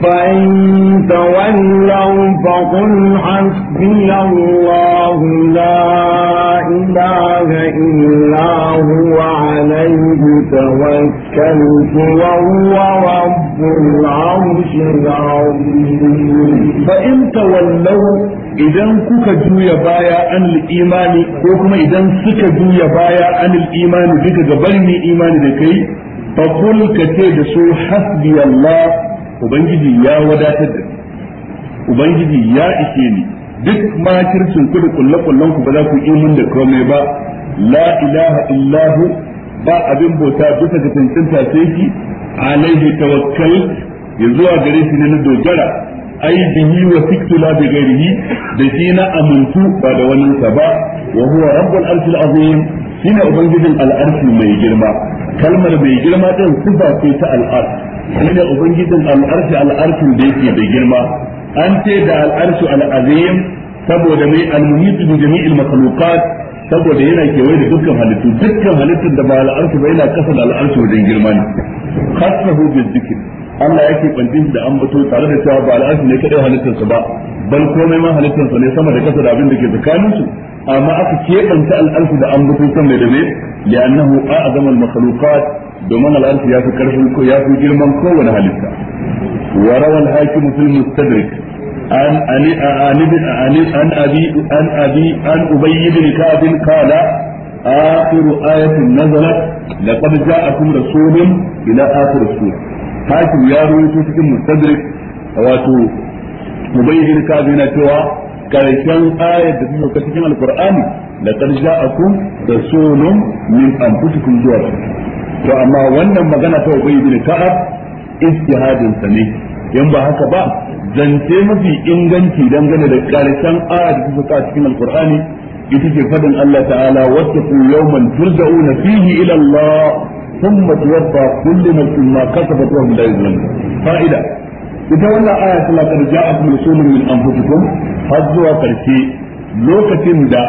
فإن تولوا فقل حسبي الله لا إله إلا هو عليه توكلت وهو رب العرش العظيم فإن تولوا idan kuka juya baya anil imani ko kuma idan suka juya baya anil imani duka ga barin imani da kai fa kul ka ce da su hasbi Allah ubangiji ya wadatar da ubangiji ya ishe ni duk makircin ku da kullakullan ku ba za ku yi mun da komai ba la ilaha illahu ba abin bauta bisa ga tantanta sai shi alaihi tawakkal ya zuwa gare shi ne na dogara ai bihi wa siktu la bi ghairihi da shi na amuntu ba da wani sa ba wa huwa rabbul arshil azim shine ubangijin al'arshi mai girma kalmar mai girma din sifa ce ta al'arsh shine ubangijin al'arshi al'arshin da yake da girma an ce da al'arshu al'azim saboda mai al-muhit bi jami'il makhluqat saboda yana kewaye da dukkan halittu dukkan halittun da ba al'arshu ba yana kasa da al'arshu wajen girma ne khassahu bi dhikr Allah yake kwanci shi da ambato tare da cewa ba al'arshi ne kadai halittar sa ba bal komai ma halittar sa ne sama da kasa da abin da ke tsakanin su amma aka keɓanta al'arshi da ambato san mai da me li'annahu a'zamu al-makhluqat domin al'arshi ya fi karfin ko ya fi girman kowane halitta wa rawan hakimu fil mustadrik عن علي عن عن عن ابي عن ابي عن ابي بن كعب قال اخر ايه نزلت لقد جاءكم رسول ila اخر السوره hakim ya rawaito cikin mustadrik wato mubayyin kazi yana cewa karshen ayar da suka cikin alqur'ani la qad ja'akum rasulun min anfusikum zuwa to amma wannan magana ta ubayyin ka'ab istihadin sa ne in ba haka ba zance mafi inganci dangane da karshen ayar da suka cikin alqur'ani ita ce faɗin Allah ta'ala wattaqu yawman turja'una fihi ila Allah thumma tuwaffa kullu nafsin ma kasabat wa hum la yuzlamun fa'ida ita wannan aya ta la tarja'akum rasulun min anfusikum har zuwa karshe lokacin da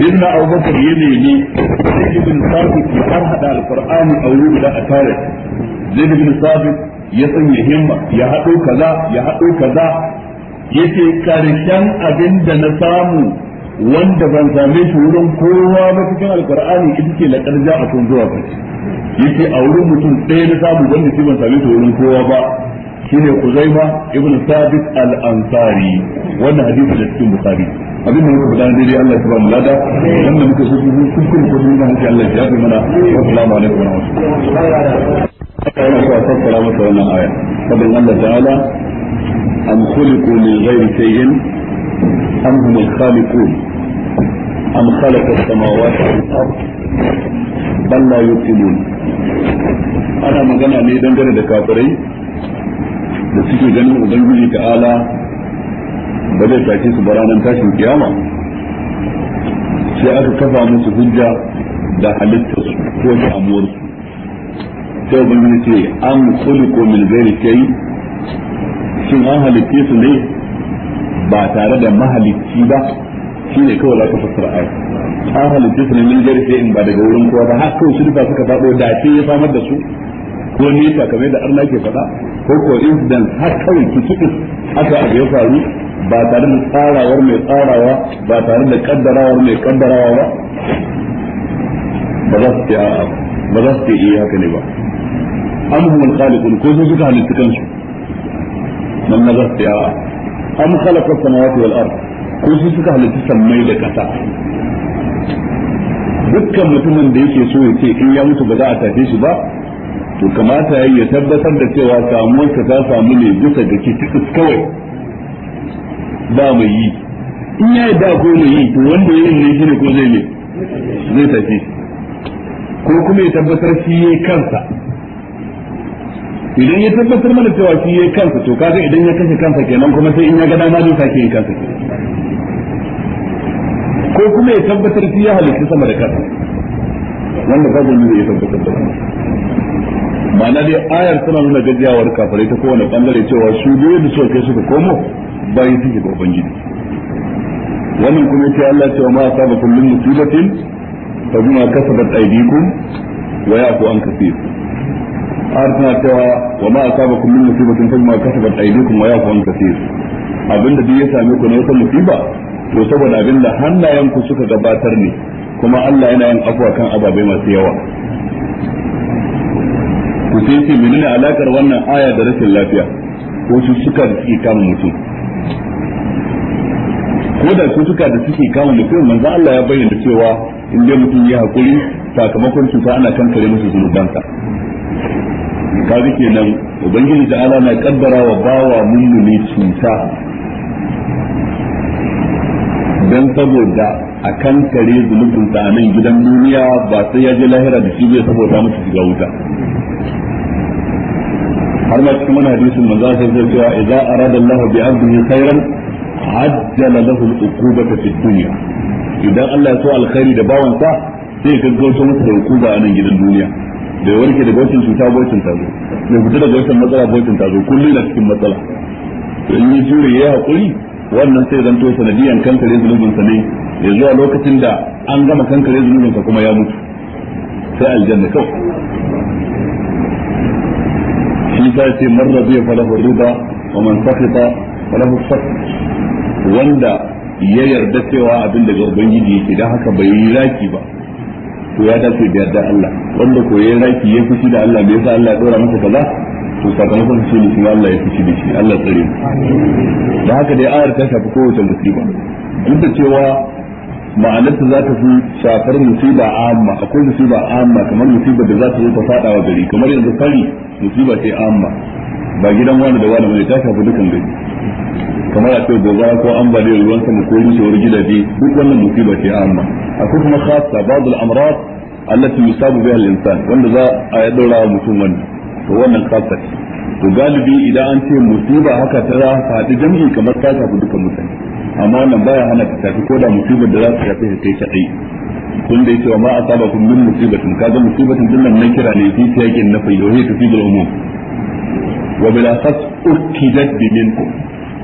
sayyidina Abubakar ya nemi sai ibn Sabit ya harhada alqur'ani a wuri guda a tare zai ibn Sabit ya sanya himma ya haɗo kaza ya hado kaza yace karshen abin da na samu wanda ban same shi wurin kowa ba cikin alkur'ani ita ce na laqad ja'akum zuwa kai yace a wurin mutum ɗaya na samu wanda shi ban same shi wurin kowa ba shine Kuzaima ibn Sabit al-Ansari wannan hadisi da cikin Bukhari abin da muka faɗa daidai Allah ya ba mu lada wanda muka so su kuskure ko mun ga Allah ya yafe mana assalamu alaikum wa rahmatullahi haka yana so a fassara masa wannan aya sabin Allah ta'ala am khuliqu min ghairi shay'in أم هم الخالقون أم خلق السماوات والأرض بل لا يبطلون أنا مجانا لي دنجر دكاتري da suke ganin ubangiji ta'ala ba zai tashi su baranan tashin kiyama sai aka kafa musu hujja da halitta ko damuwarsu sai ubangiji ce an kuliko min gairi kai shin an halitte su ne ba tare da mahalicci ba shi ne kawai zaka fassara ayat an halitta su ne min jari in ba daga wurin kowa ba har kawai shirka suka faɗo da ce ya samar da su ko ne ta kamar da arna ke faɗa ko ko incident har kawai kicikin haka abu ya faru ba tare da tsarawar mai tsarawa ba tare da kaddarawar mai kaddarawa ba ba za su ce a'a ba za su ce iya eh haka ne ba an hukumar kalifin ko sun suka halitta kansu nan na za su ce a'a am khalaqa samawati wal ard ko shi suka halitta sammai da kasa dukkan mutumin da yake so ya ce in ya mutu ba za a tafi shi ba to kamata ya tabbatar da cewa ka ta samu ne bisa ga kitis kawai ba mai yi in ya da ko mai yi to wanda ya yi ne ko zai ne zai tafi ko kuma ya tabbatar shi kansa idan ya tabbatar mana cewa shi ya kansa to kaga idan ya kashe kansa kenan kuma sai in ya ga dama zai ke kansa ko kuma ya tabbatar shi ya halitta sama da kansa wanda babu ne ya tabbatar da ma'ana dai ayar tana nuna gajiyawar kafirai ta kowane bangare cewa su biyu da suka kai suka komo bayan suke ga ubangiji wannan kuma ce Allah cewa ma asaba kullum musibatin fa bima kasabat aydikum wa ya'fu an kaseer har suna cewa wa ma asabakum min musibatin fa bima kasabat aydikum wa yaqun kaseer abinda duk ya same ku na wata musiba to saboda abinda hannayen ku suka gabatar ne kuma Allah yana yin afwa kan ababai masu yawa ku sai ce menene alakar wannan aya da rashin lafiya ko su suka da kama mutum ko da su suka da suke kama mutum manzo Allah ya bayyana cewa in dai mutum ya hakuri sakamakon cuta ana kankare musu zunubansa kaga kenan ubangiji da ala na kaddara wa bawa mummuni cuta don saboda a kan kare zunubinsa a nan gidan duniya ba sai ya je lahira da shi zai saboda musu shiga wuta har ma cikin wani hadisin manzo sai zai cewa idza arada Allah bi abdihi khairan ajjala lahu al-uqubata fi dunya idan Allah ya so alkhairi da bawansa sai ya gaggauta masa da hukuma a nan gidan duniya bai warke daga wancan cuta bocin ta zo bai fita daga wancan matsala bocin ta zo kullum na cikin matsala to in yi jure ya haƙuri wannan sai zan to sanadiyan kankare zunubinsa ne ya zuwa lokacin da an gama kankare zunubinsa kuma ya mutu sai aljanna kawai shi ta ce zai fara falahu riba wa man sakhita falahu sakh wanda ya yarda cewa abin da ga ubangiji yake da haka bai yi raki ba to ya dace da yarda Allah wanda ko yayin raki yayi fushi da Allah bai sa Allah ya dora masa kaza to sakamakon shi ne kuma Allah ya fushi da shi Allah tsare da haka dai ayar ta shafi kowace musiba duk da cewa ma'anarta za ta fi shafar musiba amma akwai musiba amma kamar musiba da za ta zo ta fada wa gari kamar yanzu fari musiba ce amma ba gidan wani da wani bane ta shafi dukan gari kamar a ce gobara ko ambaliyar ruwan sama ko rushewar gidaje duk wannan musiba ce amma akwai kuma khassa babu al'amrat allati yusabu biha al-insan wanda za a wa mutum wani. to wannan khassa ce to galibi idan an ce musiba haka ta za ta haɗu jam'i kamar ta shafi dukkan mutane amma nan baya hana ta tafi ko da musibar da za ta shafi ta ta ɗai Tun da wa ma a saba kun min musibatin kaga musibatin din nan kira ne fi tiyakin na fayyo he tafi bil umum wa bila khas ukidat da minkum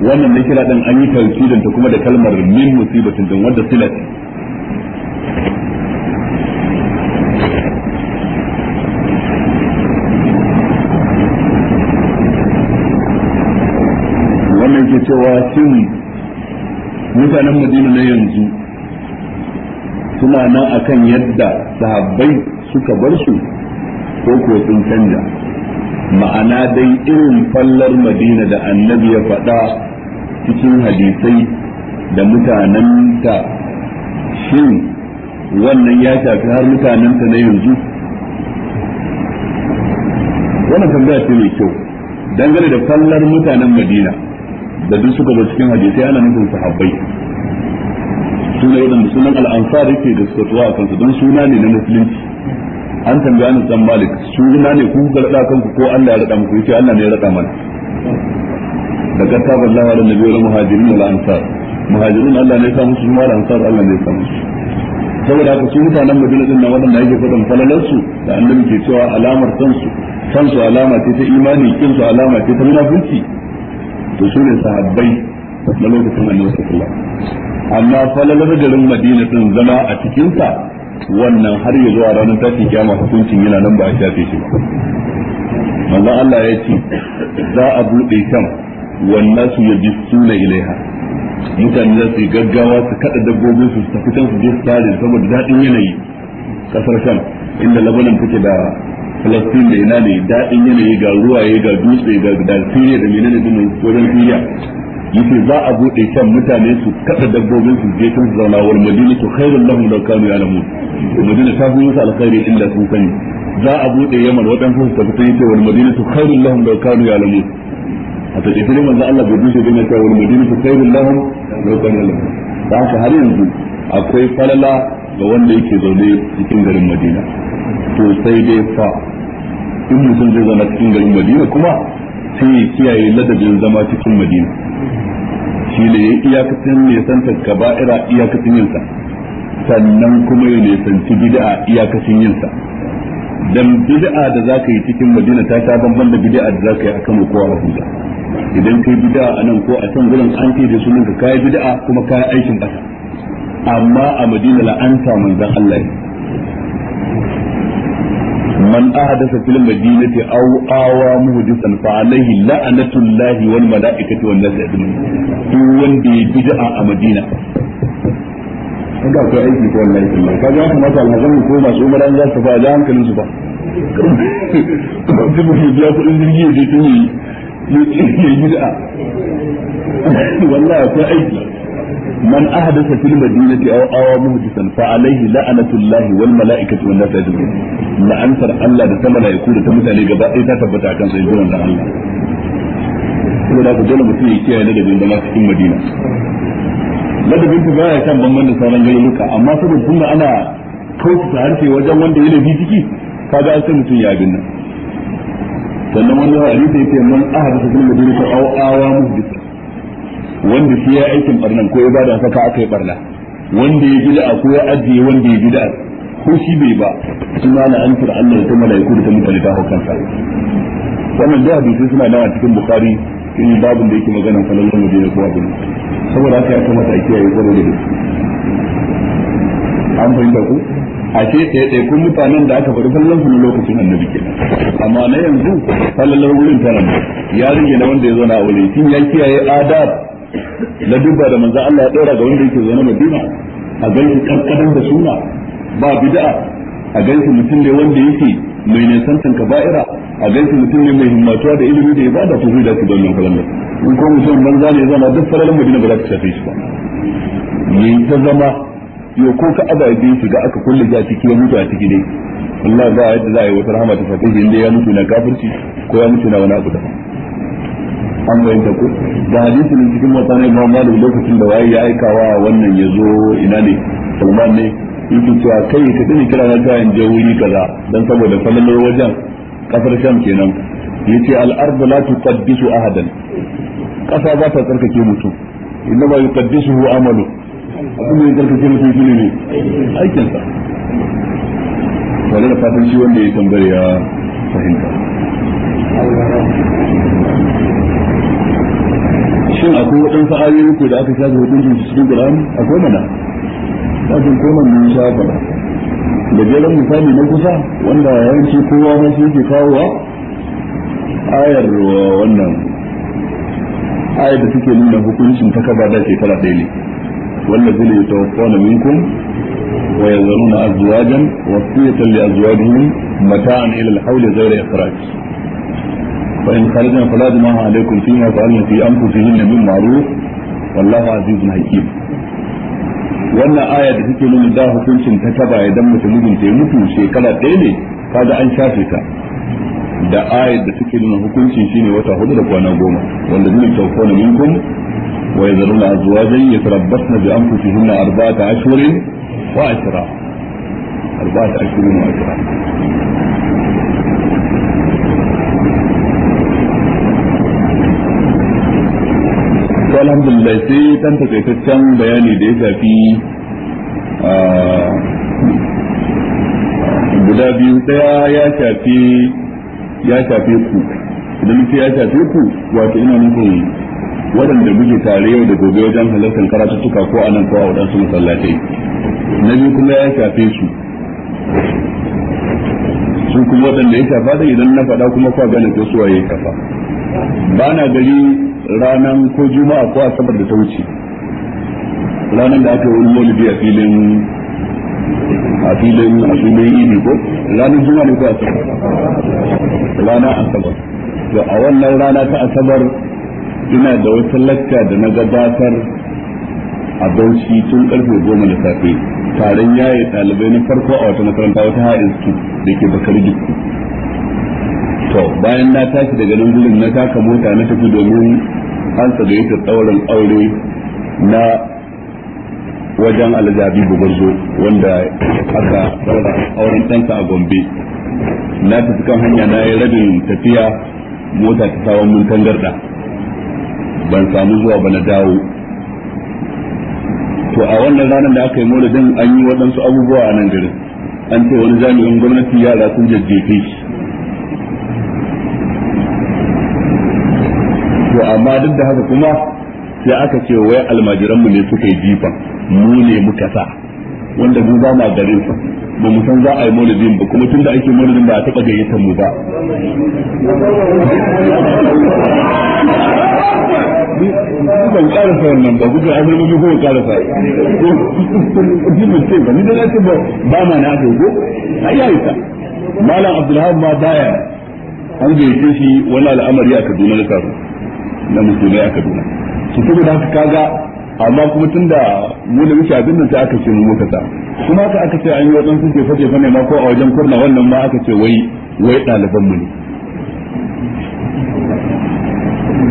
wannan na kira din an yi tawkidin ta kuma da kalmar min musibatin din wanda sila mutanen madina na yanzu suna nan akan yadda sahabbai suka bar su ko ko sun canja ma'ana dai irin fallar madina da annabi ya faɗa cikin hadisai da mutanen ta shin wannan ya shafi har mutanen ta na yanzu wannan tambaya ce mai kyau dangane da fallar mutanen madina da duk suka zo cikin hadisai ana nufin sahabbai suna irin da sunan al'ansar yake da suka a kansu don suna ne na musulunci an tambaya ni san malik suna ne ku ga rada kanku ko Allah ya rada muku yace Allah ne ya rada mana da gatta wallahi wa nabi wal muhajirin wal ansar muhajirin Allah ne ya sa musu suna ansar Allah ne ya sa musu saboda haka su mutanen Madina din nan wadanda yake fadan falalar su da annabi ke cewa alamar kansu kansu alama ce ta imani kin alama ce ta munafunci to su ne sahabbai na lokacin annabi sallallahu alaihi wasallam amma falalar garin madina sun zama a cikinsa wannan har ya zuwa ranar tashin kiyama hukuncin yana nan ba a shafe shi ba Allah ya ce za a buɗe kan wannan su yaji suna ilaiha mutane za su yi gaggawa su kaɗa dabbobin su tafi can su je su saboda daɗin yanayi ƙasar sham inda labanan take da falastin da ina ne daɗin yanayi ga ruwaye ga dutse ga da siriya da menene wajen siriya yace za a bude kan mutane su kada dabbobin su je kan zauna wal madinatu khairul lahum law kanu ya'lamun madina ta fi musu alkhairi illa sun sani za a bude yaman wadansu su tafi yace wal madinatu khairul lahum law kanu ya'lamun a ta ce sai manzo Allah bai bushe da ta wal madinatu khairul lahum law kanu ya'lamun da haka har yanzu akwai falala ga wanda yake zaune cikin garin Madina to sai dai fa in mutum zai zauna cikin garin Madina kuma sai ya kiyaye ladabin zama cikin madina shi ne ya iyakacin ira kaba'ira iyakacin yinsa sannan kuma ya nesanci bid'a iyakacin yinsa dan bid'a da za ka yi cikin madina ta ta banban da bid'a da za ka yi a kan ko a idan kai bid'a a nan ko a can gurin an ce da sunan ka kai bid'a kuma kai aikin bata amma a madina la'anta manzan Allah ne man ahdatha fil madinati aw awa muhdisan a ko wallahi billahi kaga ya kamata alhazan ko za su da hankalin su ba kuma mu biya kudin jirgi da tuni wallahi man ahdatha fil madinati aw awa muhdisan fa alayhi la'natullahi wal mala'ikati wan nas ajma'in la'antar Allah da ta mala'iku da ta mutane gaba ɗaya ta tabbata akan sai jiran da Allah saboda ku dole mutum ya kiyaye da dabin zama cikin Madina ladabin ta baya kan bamban da sauran garuruka amma saboda tunda ana kauce harshe wajen wanda ya lafi ciki kaga an sai mutum ya abin nan man awa muhdisan wanda shi ya aikin barnan ko ba da saka aka yi barna wanda ya gida ko ya ajiye wanda ya gida ko shi bai ba suna na an tura Allah ta malaiku da mutane ta hukan sa wannan da hadisi suna nawa cikin bukhari in babun da yake magana falallan waje da kowa bin saboda haka ya kamata a kiyaye tsaro da an fahimta ku a ce ɗaya ɗaya kun mutanen da aka faɗi fallon su lokacin annabi ke amma na yanzu fallar wurin tana ya rige na wanda ya zo na aure. Shin ya kiyaye adab na dubba da manzo Allah ya dora ga wanda yake zama Madina a ganin karkadan da suna ba bid'a a ganin mutum ne wanda yake mai nisantan kaba'ira a ganin mutum ne mai himmatuwa da ilimi da ibada to zai su don kalan in ko mutum banza ne zama duk faralin Madina ba za ta shafe shi ba ne ta zama yo ko ka aba shi ga aka kulle ga ciki ya mutu a ciki dai Allah ba yadda za a yi wata rahama ta fakai inda ya mutu na kafirci ko ya mutu na wani abu daban an bayyana ku ga hadisi ne cikin mata ne ma malik lokacin da waye ya aika wa wannan ya zo ina ne Salman ne yake cewa kai ka dani kira na ta je wuri kaza dan saboda falalar wajen kafar Sham kenan yace al-ardu la tuqaddisu ahadan kasa ba ta tsarkake mutum inna ma yuqaddisuhu amalu abin da ya tsarkake mutum shine ne aikin sa wala da fatan shi wanda ya tambaya fahimta shin akwai waɗansu ayoyi ko da aka shafe hukuncin su cikin Qur'ani akwai mana kafin koman mun sha faɗa da jeran misali na kusa wanda yawanci kowa ma shi yake kawowa ayar uh, wannan ayar da suke nuna hukuncin ta kaba da shekara ɗaya ne والذين يتوفون منكم ويذرون أزواجا وصية لأزواجهم متاعا إلى الحول غير إخراج فإن خرجنا فلا جناح عليكم فيما فعلنا في أنفسهن من معروف والله عزيز حكيم wannan aya da take nuna da hukuncin ta taba idan mutum mijinta ya mutu shekara ɗaya ne kaga an shafe ta da ayar da take nuna hukuncin shine wata hudu da kwana goma wanda bin tawfana minkum wa yazruna azwajan yatarabbasna bi anfusihinna arba'ata ashhurin wa ashra arba'ata ashhurin wa ashra alhamdulillah sai dan takaitaccen bayani da ya shafi ah, guda biyu daya ya shafi ya shafi ku idan mutum ya shafi ku wato ina nufin waɗanda muke tare yau da gobe wajen halartar karatuttuka ko a nan ko a waɗansu masallatai na biyu kuma ya shafe su su kuma waɗanda ya shafa da idan na faɗa kuma kwa gane ko suwaye ya shafa ba na gari ranar ko juma'a ko asabar da ta wuce ranar da aka yi maulidi a filin a filin a filin ibi ko ranar juma'a ne ko asabar rana asabar to a wannan rana ta asabar ina da wata lakka da na gabatar a bauchi tun karfe goma da safe taron yaye ɗalibai na farko a wata makaranta wata su da ke bakar gikku to bayan na tashi daga nan gudun na taka mota na tafi domin an tsagaitar tsauran aure na wajen aljabi bugurzo wanda aka tsaura auren tanka a gombe na tafi kan hanya na yi rabin tafiya mota ta sawan mun tangarda ban samu zuwa ba na dawo to a wannan ranar da aka yi maulidin an yi waɗansu abubuwa a nan garin an ce wani jami'in gwamnati yara sun jajjefe shi to amma duk da haka kuma sai aka ce wai almajiranmu ne suka yi jifan mu ne muka sa wanda mu ba ma garin su ba mu san za a yi maulidin ba kuma tunda ake maulidin ba a taba gayyatar mu ba Ni ban karasa wannan ba kuka azurmami ko karasa ji mu ce ba ni da ce ba ba ma na ko ai yayi ta malam abdulhamid ma baya an gayyace shi wani al'amari a Kaduna na na musulmai a Kaduna su saboda haka kaga amma kuma da mu da wuce abin nan sai aka ce mu muka sa kuma ka aka ce an yi wadansu suke fage fane ma ko a wajen kurna wannan ma aka ce wai wai ɗaliban mu ne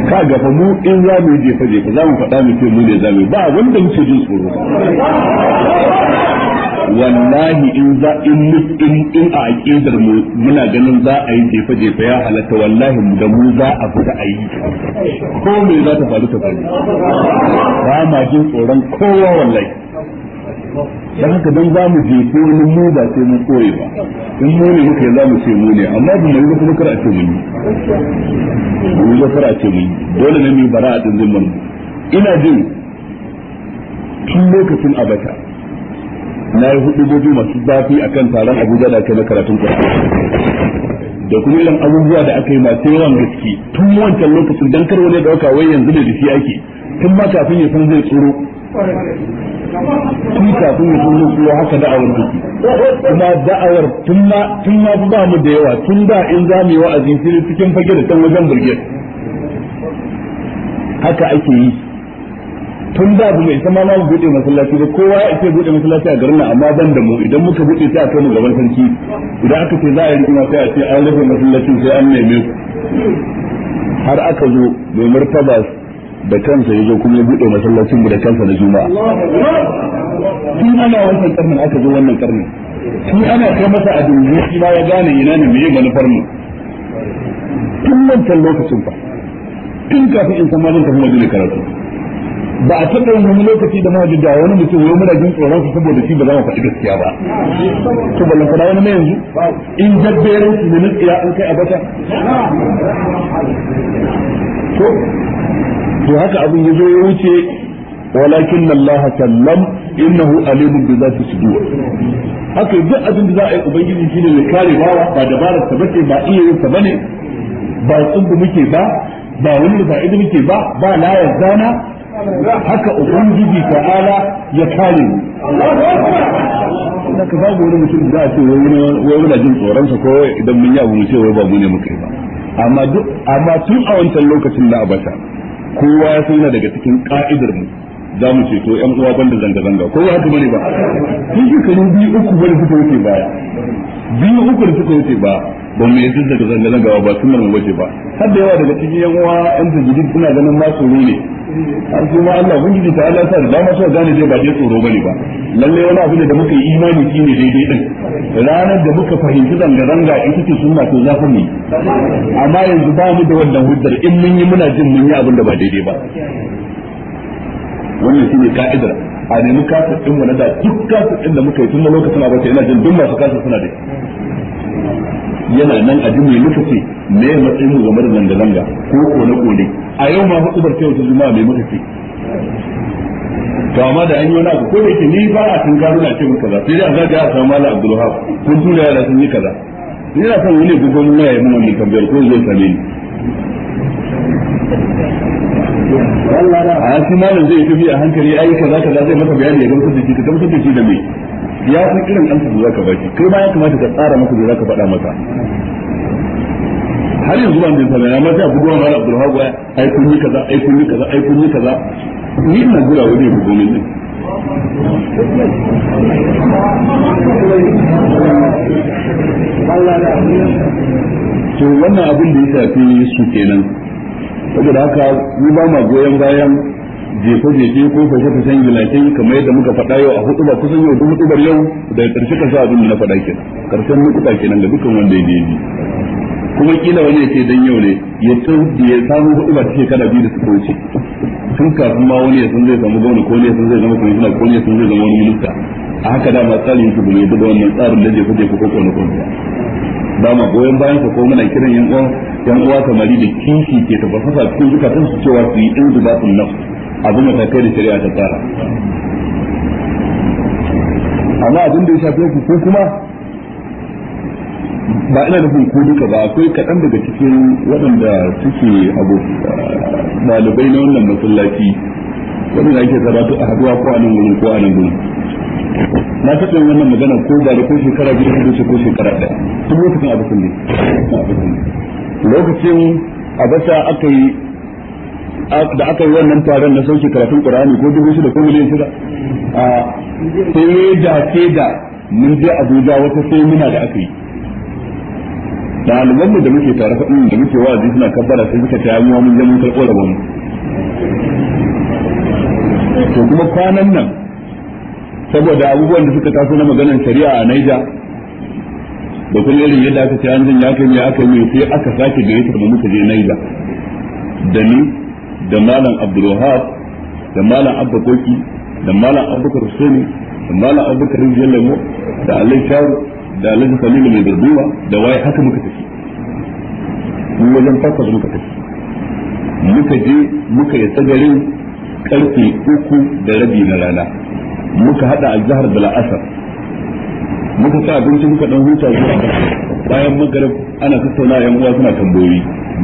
ka ga fa mu in za mu je faje ka za mu faɗa mu ce mu ne za mu ba wanda muke jin tsoro wallahi in za in in in a aqidar mu muna ganin za a yi jefa jefa ya halatta wallahi mu da mu za a fita a yi ko me za ta faru ta faru ba ma jin tsoron kowa wallahi dan haka dan za mu jefe wani mu ba sai mun koyi ba in mu ne muka za mu ce mu ne amma mun yi kuma kar a ce mun yi Mun yi kar a ce mun yi dole ne mu bara a din mun ina jin tun lokacin abata na yi gobe masu zafi a kan taron abuja da aka na karatun da kuma ilan abubuwa da aka yi masu yawan gaske tun wancan lokacin don kar wani dauka wai yanzu da shi ake tun ba kafin ya san zai tsoro tun kafin ya san zai tsoro haka da'awar take kuma da'awar tun ma tun ba mu da yawa tun da in za mu yi wa'azi sai cikin fage da can wajen burgiyar haka ake yi tun da bu mai sama ma mu bude masallaci ba kowa ya ce bude masallaci a garin nan amma ban da mu idan muka bude sai a kai mu gaban sarki idan aka ce za a yi rigima sai a ce an rufe masallacin sai an neme su. har aka zo mai martaba da kansa ya zo kuma ya bude masallacin mu da kansa na juma'a tun ana wannan karnin aka zo wannan karnin tun ana kai masa a dungu shi ma ya gane ina ne meye manufar mu tun wancan lokacin fa tun kafin in san ma zan tafi madina karatu ba a taɓa yin wani lokaci da mawaji da wani mutum wai muna jin tsoron su saboda shi ba za mu faɗi gaskiya ba to ballan fara wani mai yanzu in jabberan su ne na tsiya an kai a bata to to haka abin ya zo ya wuce walakin Allah sallam innahu alimun bi zati sudur haka duk abin da za a yi ubangiji shine ya kare bawa ba dabarar ta bace ba iya yin ta bane ba tsubu muke ba ba wani da muke ba ba la zana haka ubangiji ala ya kare mu daga babu wani mutum da a ce wai muna jin tsoronsa ko idan mun yi abu mu ce wai ba mu ne muka yi ba amma duk amma tun a wancan lokacin na abata kowa ya san daga cikin ka'idar mu za mu ce to yan uwa banda zanga-zanga ko ya kuma ne ba sun shekaru biyu uku bane suka wuce baya biyu uku da suka wuce ba ba mu yanzu zanga zanga-zanga ba sunan mu wuce ba har da yawa daga cikin yan uwa yan tajidin suna ganin ma tsoro ne har su ma Allah ubangiji ta Allah sa da ma suka gane dai ba dai tsoro bane ba lalle wani abu ne da muka yi imani shine daidai din ranar da muka fahimci zanga-zanga in kike sunna to za ku ne amma yanzu ba mu da wannan hujjar in mun yi muna jin mun yi abin da ba daidai ba wannan shine ka'idar a nemi kasa din mu na da duk kasar din da muka yi tun da lokacin abace ina jin duk masu kasa suna da yana nan a mai muka ce me ya matsayin mu game da zanga zanga ko kone kone a yau ma hukumar ce wata juma'a mai muka ce to amma da an yi wani abu ko da yake ni ba a tun gano na ce muka kaza sai dai a zaga a samu malam abdulhab kun tura yara sun yi kaza ni na san wani gugun ya yi mun wani tambayar ko zai same ni a shi malam zai tafi a hankali ai kaza kaza zai maka bayani ya gamsu da shi ka gamsu da shi da me ya san irin amsa da zaka baki kai ma ya kamata ka tsara maka da zaka faɗa masa har yanzu ban da sallah amma sai abubuwa Abdul Hawa ai kun yi kaza ai kun yi kaza ai kun yi kaza ni ina gura wani ya bugo min to wannan abin da ya shafi su kenan saboda haka mu ba ma goyon bayan jefe-jefe ko fashe-fashen gilakai kamar yadda muka faɗa yau a hudu ba kusan yau hudu bar yau da ƙarshe ka sa abin da na faɗa ke ƙarshen nukuta kenan da dukkan wanda ya daidai kuma kila wani ce dan yau ne ya ya samu hudu ba take kada biyu da su wuce tun kafin ma wani ya sun zai samu gauna ko ne ya zai zama kuma ko ne ya zai zama wani minista a haka da ma tsarin su duk da wannan tsarin da jefe-jefe ko kone-kone ba ma goyon bayan ka ko muna kiran yan uwan yan uwa kamari da kinki ke tabbata cikin zukatan su cewa su yi in zubatun na abu matakai da shari'a ta tsara amma abin da ya shafi yake ko kuma ba ina nufin ko duka ba akwai kaɗan daga cikin waɗanda suke abu ah, ɗalibai na wannan masallaci waɗanda ake zaba a haɗuwa ko a nan ko a nan na taɓa yin wannan magana ko ba da ko shekara biyu ko shekara ɗaya wata kan abu sun ne lokacin abasa aka yi da aka yi wannan taron na sauke karatun qur'ani ko dubu shida ko miliyan shida a sai da ke da mun je abuja wata sai muna da aka yi ɗaliban da muke tare faɗin da muke wa'azi suna kabbara sai suka tayi yamuwa mun je mun karɓo rabon mu to kuma kwanan nan saboda abubuwan da suka taso na maganar shari'a a Niger da kuma irin yadda aka ce an zan ya kai mai aka mai sai aka sake da yatar muka je Niger da ni da malam Abdulwahab da malam Abba da malam Abubakar Sani da malam Abubakar Jallo da Alai Sharu da Alai Salimu mai garbuwa da waye haka muka tafi mun wajen takwas muka tafi muka je muka yi tsagarin karfe uku da rabi na rana muka hada azhar da la'asar muka sa abinci muka dan huta zuwa bayan magarib ana tattauna yan uwa suna tambayoyi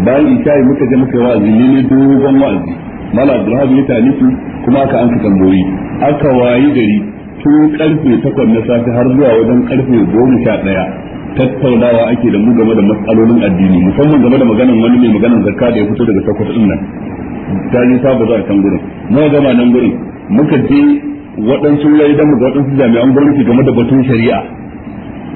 bayan isha'i muka je muka wa'azi ne ne dogon wa'azi mala abdulhabi ya tanifi kuma aka an tambayoyi aka wayi gari tun karfe takwas na safe har zuwa wajen karfe 11 ɗaya tattaunawa ake da mu game da matsalolin addini musamman game da maganar wani mai maganar zakka da ya fito daga takwas din nan ta yi sabu baza a can gurin mu gama nan gurin muka je waɗansu wurare da mu ga waɗansu jami'an gwamnati game da batun shari'a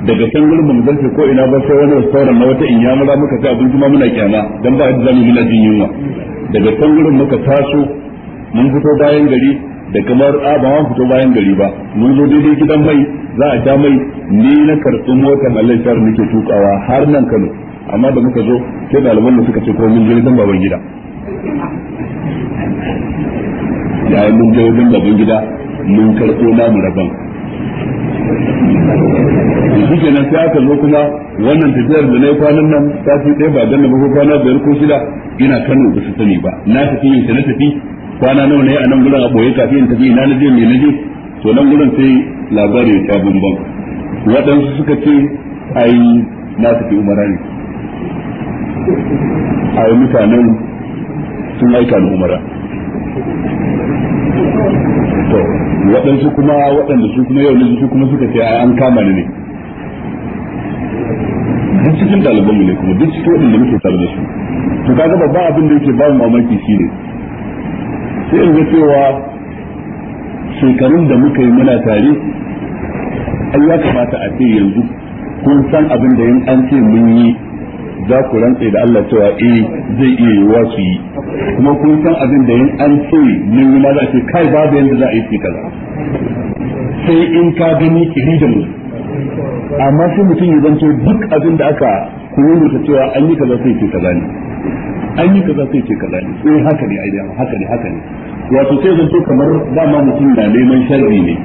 daga can gurin ba mu zarce ko ina ba sai wani restaurant na wata inyamura muka ci abinci ma muna kyama don ba yadda zamu muna jin yunwa daga can gurin muka taso mun fito bayan gari da kamar a ah, ba mun fito bayan gari ba mun zo daidai gidan mai za a ja mai ni na karɓi mota mallan shar nake tukawa har nan Kano amma da muka zo sai daliban mu suka ce ko mun je gidan baban gida yayin mun je wajen baban gida mun karɓo namu rabon shi nan sai aka zo kuma wannan tafiyar da na yi kwanan nan ta fi ɗaya ba ganna ba ko kwana biyar ko shida ina kano ba su sani ba na tafi yin ta na tafi kwana nawa na yi a nan gudan a ɓoye kafin in tafi ina na je me na je to nan gudan sai labari ya bambam waɗansu suka ce ai na tafi umara ne ai mutanen sun aika ni umara to waɗansu kuma waɗanda su kuma yau su kuma suka ce an kama ni ne duk cikin ɗaliban mu ne kuma duk cikin waɗanda muke tare da su to kaga babban abin da yake ba mu mamaki shine sai in ga cewa shekarun da muka yi muna tare ai ya kamata a ce yanzu kun san abin da yin an ce mun yi za ku rantse da Allah cewa eh zai iya yi su yi kuma kun san abin da yin an ce mun yi ma za a ce kai babu yanda za a yi kaza sai in ka gani ki da mu amma sai mutum ya zanto duk abin da aka kururuta cewa an yi kaza sai ce kaza ne an yi kaza sai ce kaza ne sai eh, haka ne ai haka ne haka ne wato sai zanto kamar dama mutum na neman sharri ne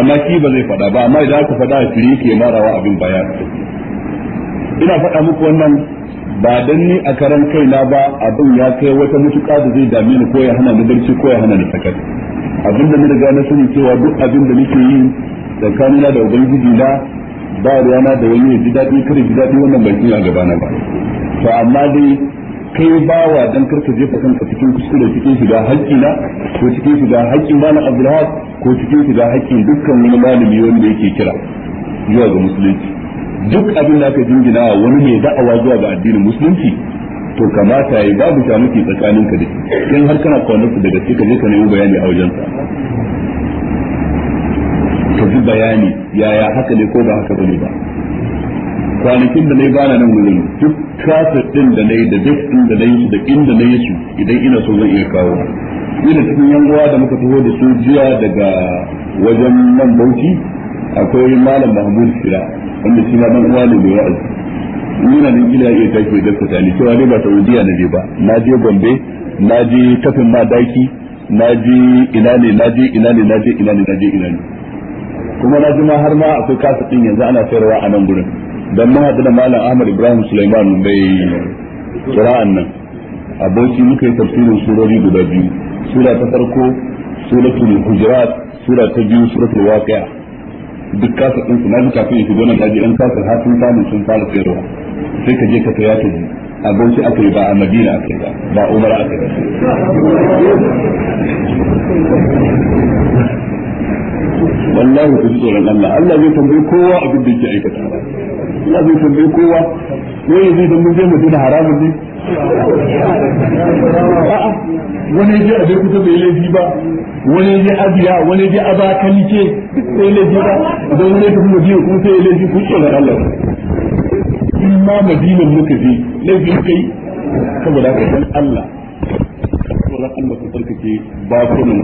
amma shi ba zai faɗa ba amma idan aka faɗa a fili ke marawa abin baya ina faɗa muku wannan ba dan ni a karan kaina ba abin ya kai wata mutuƙa da zai dame ni ko ya hana ni barci ko ya hana ni sakar abinda na riga na sani cewa duk abin da nake yi tsakanina da ubangiji na ba ruwana da wani ji daɗi kare ji daɗi wannan bai a gaba na ba to amma dai kai bawa dan karka jefa kanka cikin kuskure cikin shiga haƙƙi na ko cikin shiga haƙƙi ba na abdulhaq ko cikin shiga haƙƙi dukkan wani malami wanda yake kira zuwa ga musulunci duk abin da aka jingina wani mai da'awa zuwa ga addinin musulunci to kamata yi babu shamaki tsakaninka da shi kin har kana kwanar da gaske ka je ka nemi bayani a wajensa bayani yaya haka ne ko ba haka bane ba kwanakin da nayi bana nan wurin duk kafir din da nayi da duk din da nayi da inda nayi su idan ina so zan iya kawo ina cikin yanguwa da muka taho da su jiya daga wajen nan Bauchi akwai malam Mahmud sira wanda shi ma dan uwa ne mai wa'azi ina nan gida iya tashi da tsakani cewa ne ba Saudiya na je ba na je Gombe na je kafin ma daki na je ina ne na je ina ne na je ina ne na je ina ne kuma na jima har ma akwai kasa din yanzu ana sayarwa a nan gurin don mun haɗu da malam Ahmad Ibrahim Sulaiman bai kira'an nan aboki muka yi tafsirin surori guda biyu sura ta farko suratul hujurat sura ta biyu suratul waqi'a duk kasa din su na ji kafin shigo gonan kaji an kasa har sun samu sun fara sayarwa sai ka je ka saya ta ji aboki aka yi ba a madina aka yi ba ba umar aka yi wallahi ku ji tsoron Allah Allah zai tambayi kowa a da yake aikata Allah zai tambayi kowa yanzu zai tambayi zai mutu da haramun ne a'a wani je a bai kuta bai laifi ba wani je abiya wani je abakalike duk bai laifi ba idan wani tafi madina kuma sai laifi ku tsoron Allah in ma madinan muka je laifi kai saboda ka san Allah tsoron Allah ku tsarkake bakunan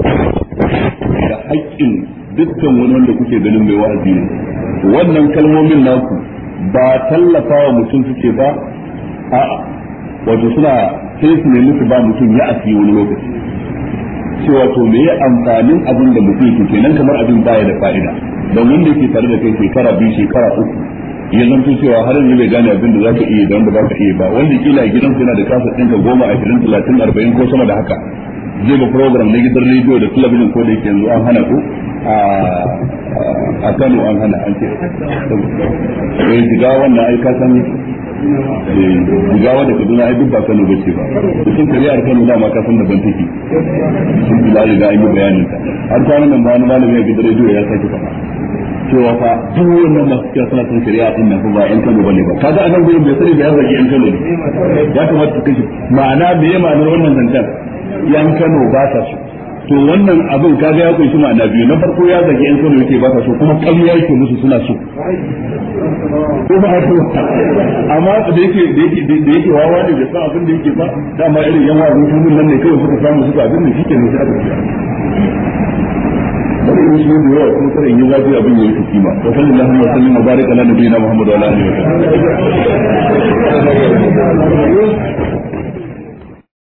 da haƙƙin dukkan wani wanda kuke ganin mai wa'azi ne wannan kalmomin naku ba tallafa wa mutum suke ba a wato suna sai su nemi su ba mutum ya asi wani lokaci cewa wato me ya amfanin abin da mutum ke kenan kamar abin baya da fa'ida don wanda yake tare da kai shekara biyu shekara uku ya zanto cewa har yanzu bai gane abin da za ka iya da wanda za ka iya ba wanda kila gidan yana da kasa ɗinka goma ashirin talatin arba'in ko sama da haka je ba program na gidan rediyo da talabijin ko da yake yanzu an hana ku a kano an hana an ce sai eh, shiga wannan ai ka san eh, shigawa da kaduna ai duk ba kano bace ba cikin shari'ar kano da ma ka san da take sun ji lalai da an bayanin ta har kwanan nan ba wani malami a gidan rediyo ya sake faɗa cewa fa duk wannan masu cewa suna son shari'a din nan ba yan Kano bane ba a anan gurin bai sani da ya zage yan Kano ne ya kamata su kashe ma'ana me ya ma'anar wannan zancen yan Kano ba ta so to wannan abin kaga ya kunshi ma'ana biyu na farko ya zage yan Kano yake ba ta so kuma ƙarya yake musu suna so ko ba amma da yake da yake da yake wawa ne da sa abin da yake ba dama irin yan wawa mutum nan ne kai suka samu suka abin da shike ne sai aka tsaya bari shi ne yawa kuma kada in yi zafi abin ya yi kima wa sallallahu alaihi wa sallam mubarak ala nabiyina muhammad wa ala alihi wa sallam